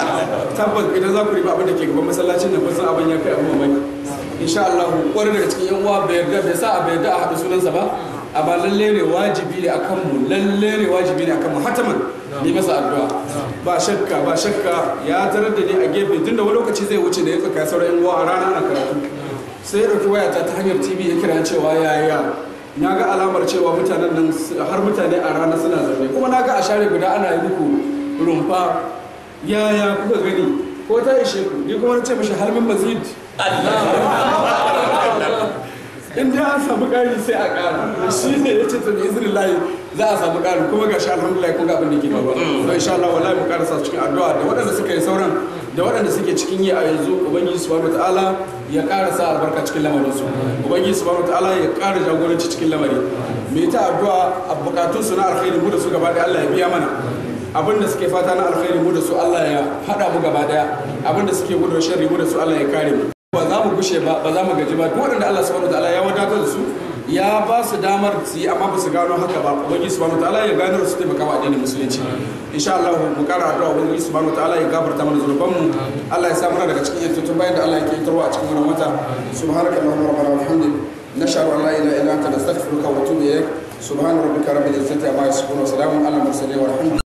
tabbas idan za ku riba abin da ke gaban masallacin nan kun san abin ya kai abu mamaki insha Allah kwarai daga cikin yan uwa bai yarda bai sa a bai yarda a haɗa sunansa ba a ba lalle ne wajibi ne akan mu lalle ne wajibi ne akan mu hataman ni masa addu'a ba shakka ba shakka ya tarar da ni a gefe tunda wani lokaci zai wuce da ya tsaka sauran yan uwa a rana na karatu sai ya ɗauki wayata ta hanyar tv ya kira cewa yaya na ga alamar cewa mutanen nan har mutane a rana suna zaune kuma na ga a share guda ana yi muku rumfa yaya kuka gani ko ta ishe ku ni kuma na ce mashi halmin mazid in dai an samu ƙari sai a ƙara shi ne ya ce tabi izinin layi za a samu ƙari kuma ga shi alhamdulillah kun ga abin da ke faruwa don insha Allah wallahi mu ƙarasa cikin addu'a da waɗanda suka yi sauran da waɗanda suke cikin yi a yanzu ubangiji subhanahu ta'ala ya ƙara sa albarka cikin lamarin su ubangiji subhanahu ta'ala ya ƙara jagoranci cikin lamari me ta addu'a a bukatun su na alkhairi mu da su gaba ɗaya Allah ya biya mana abin da suke fata na alkhairi mu da su Allah ya haɗa mu gaba ɗaya abin da suke gudun sharri mu da su Allah ya kare mu ba za mu gushe ba ba za mu gaji ba duk waɗanda Allah subhanahu wataala ya wadatar da su ya ba su damar su yi amma ba su gano haka ba ubangiji subhanahu wataala ya gano su ta bakawa addinin musulunci insha Allah mu kara addu'a ubangiji subhanahu wataala ya gafarta mana zunuban mu Allah ya sa mana daga cikin yantutun bayan da Allah ya kiyatarwa a cikin wannan wata subhanaka allahumma rabbana walhamdulillah nashhadu an la ilaha illa anta nastaghfiruka wa natubu ilayk subhana rabbika rabbil izzati amma yasifun wa salamun ala mursalin walhamdulillah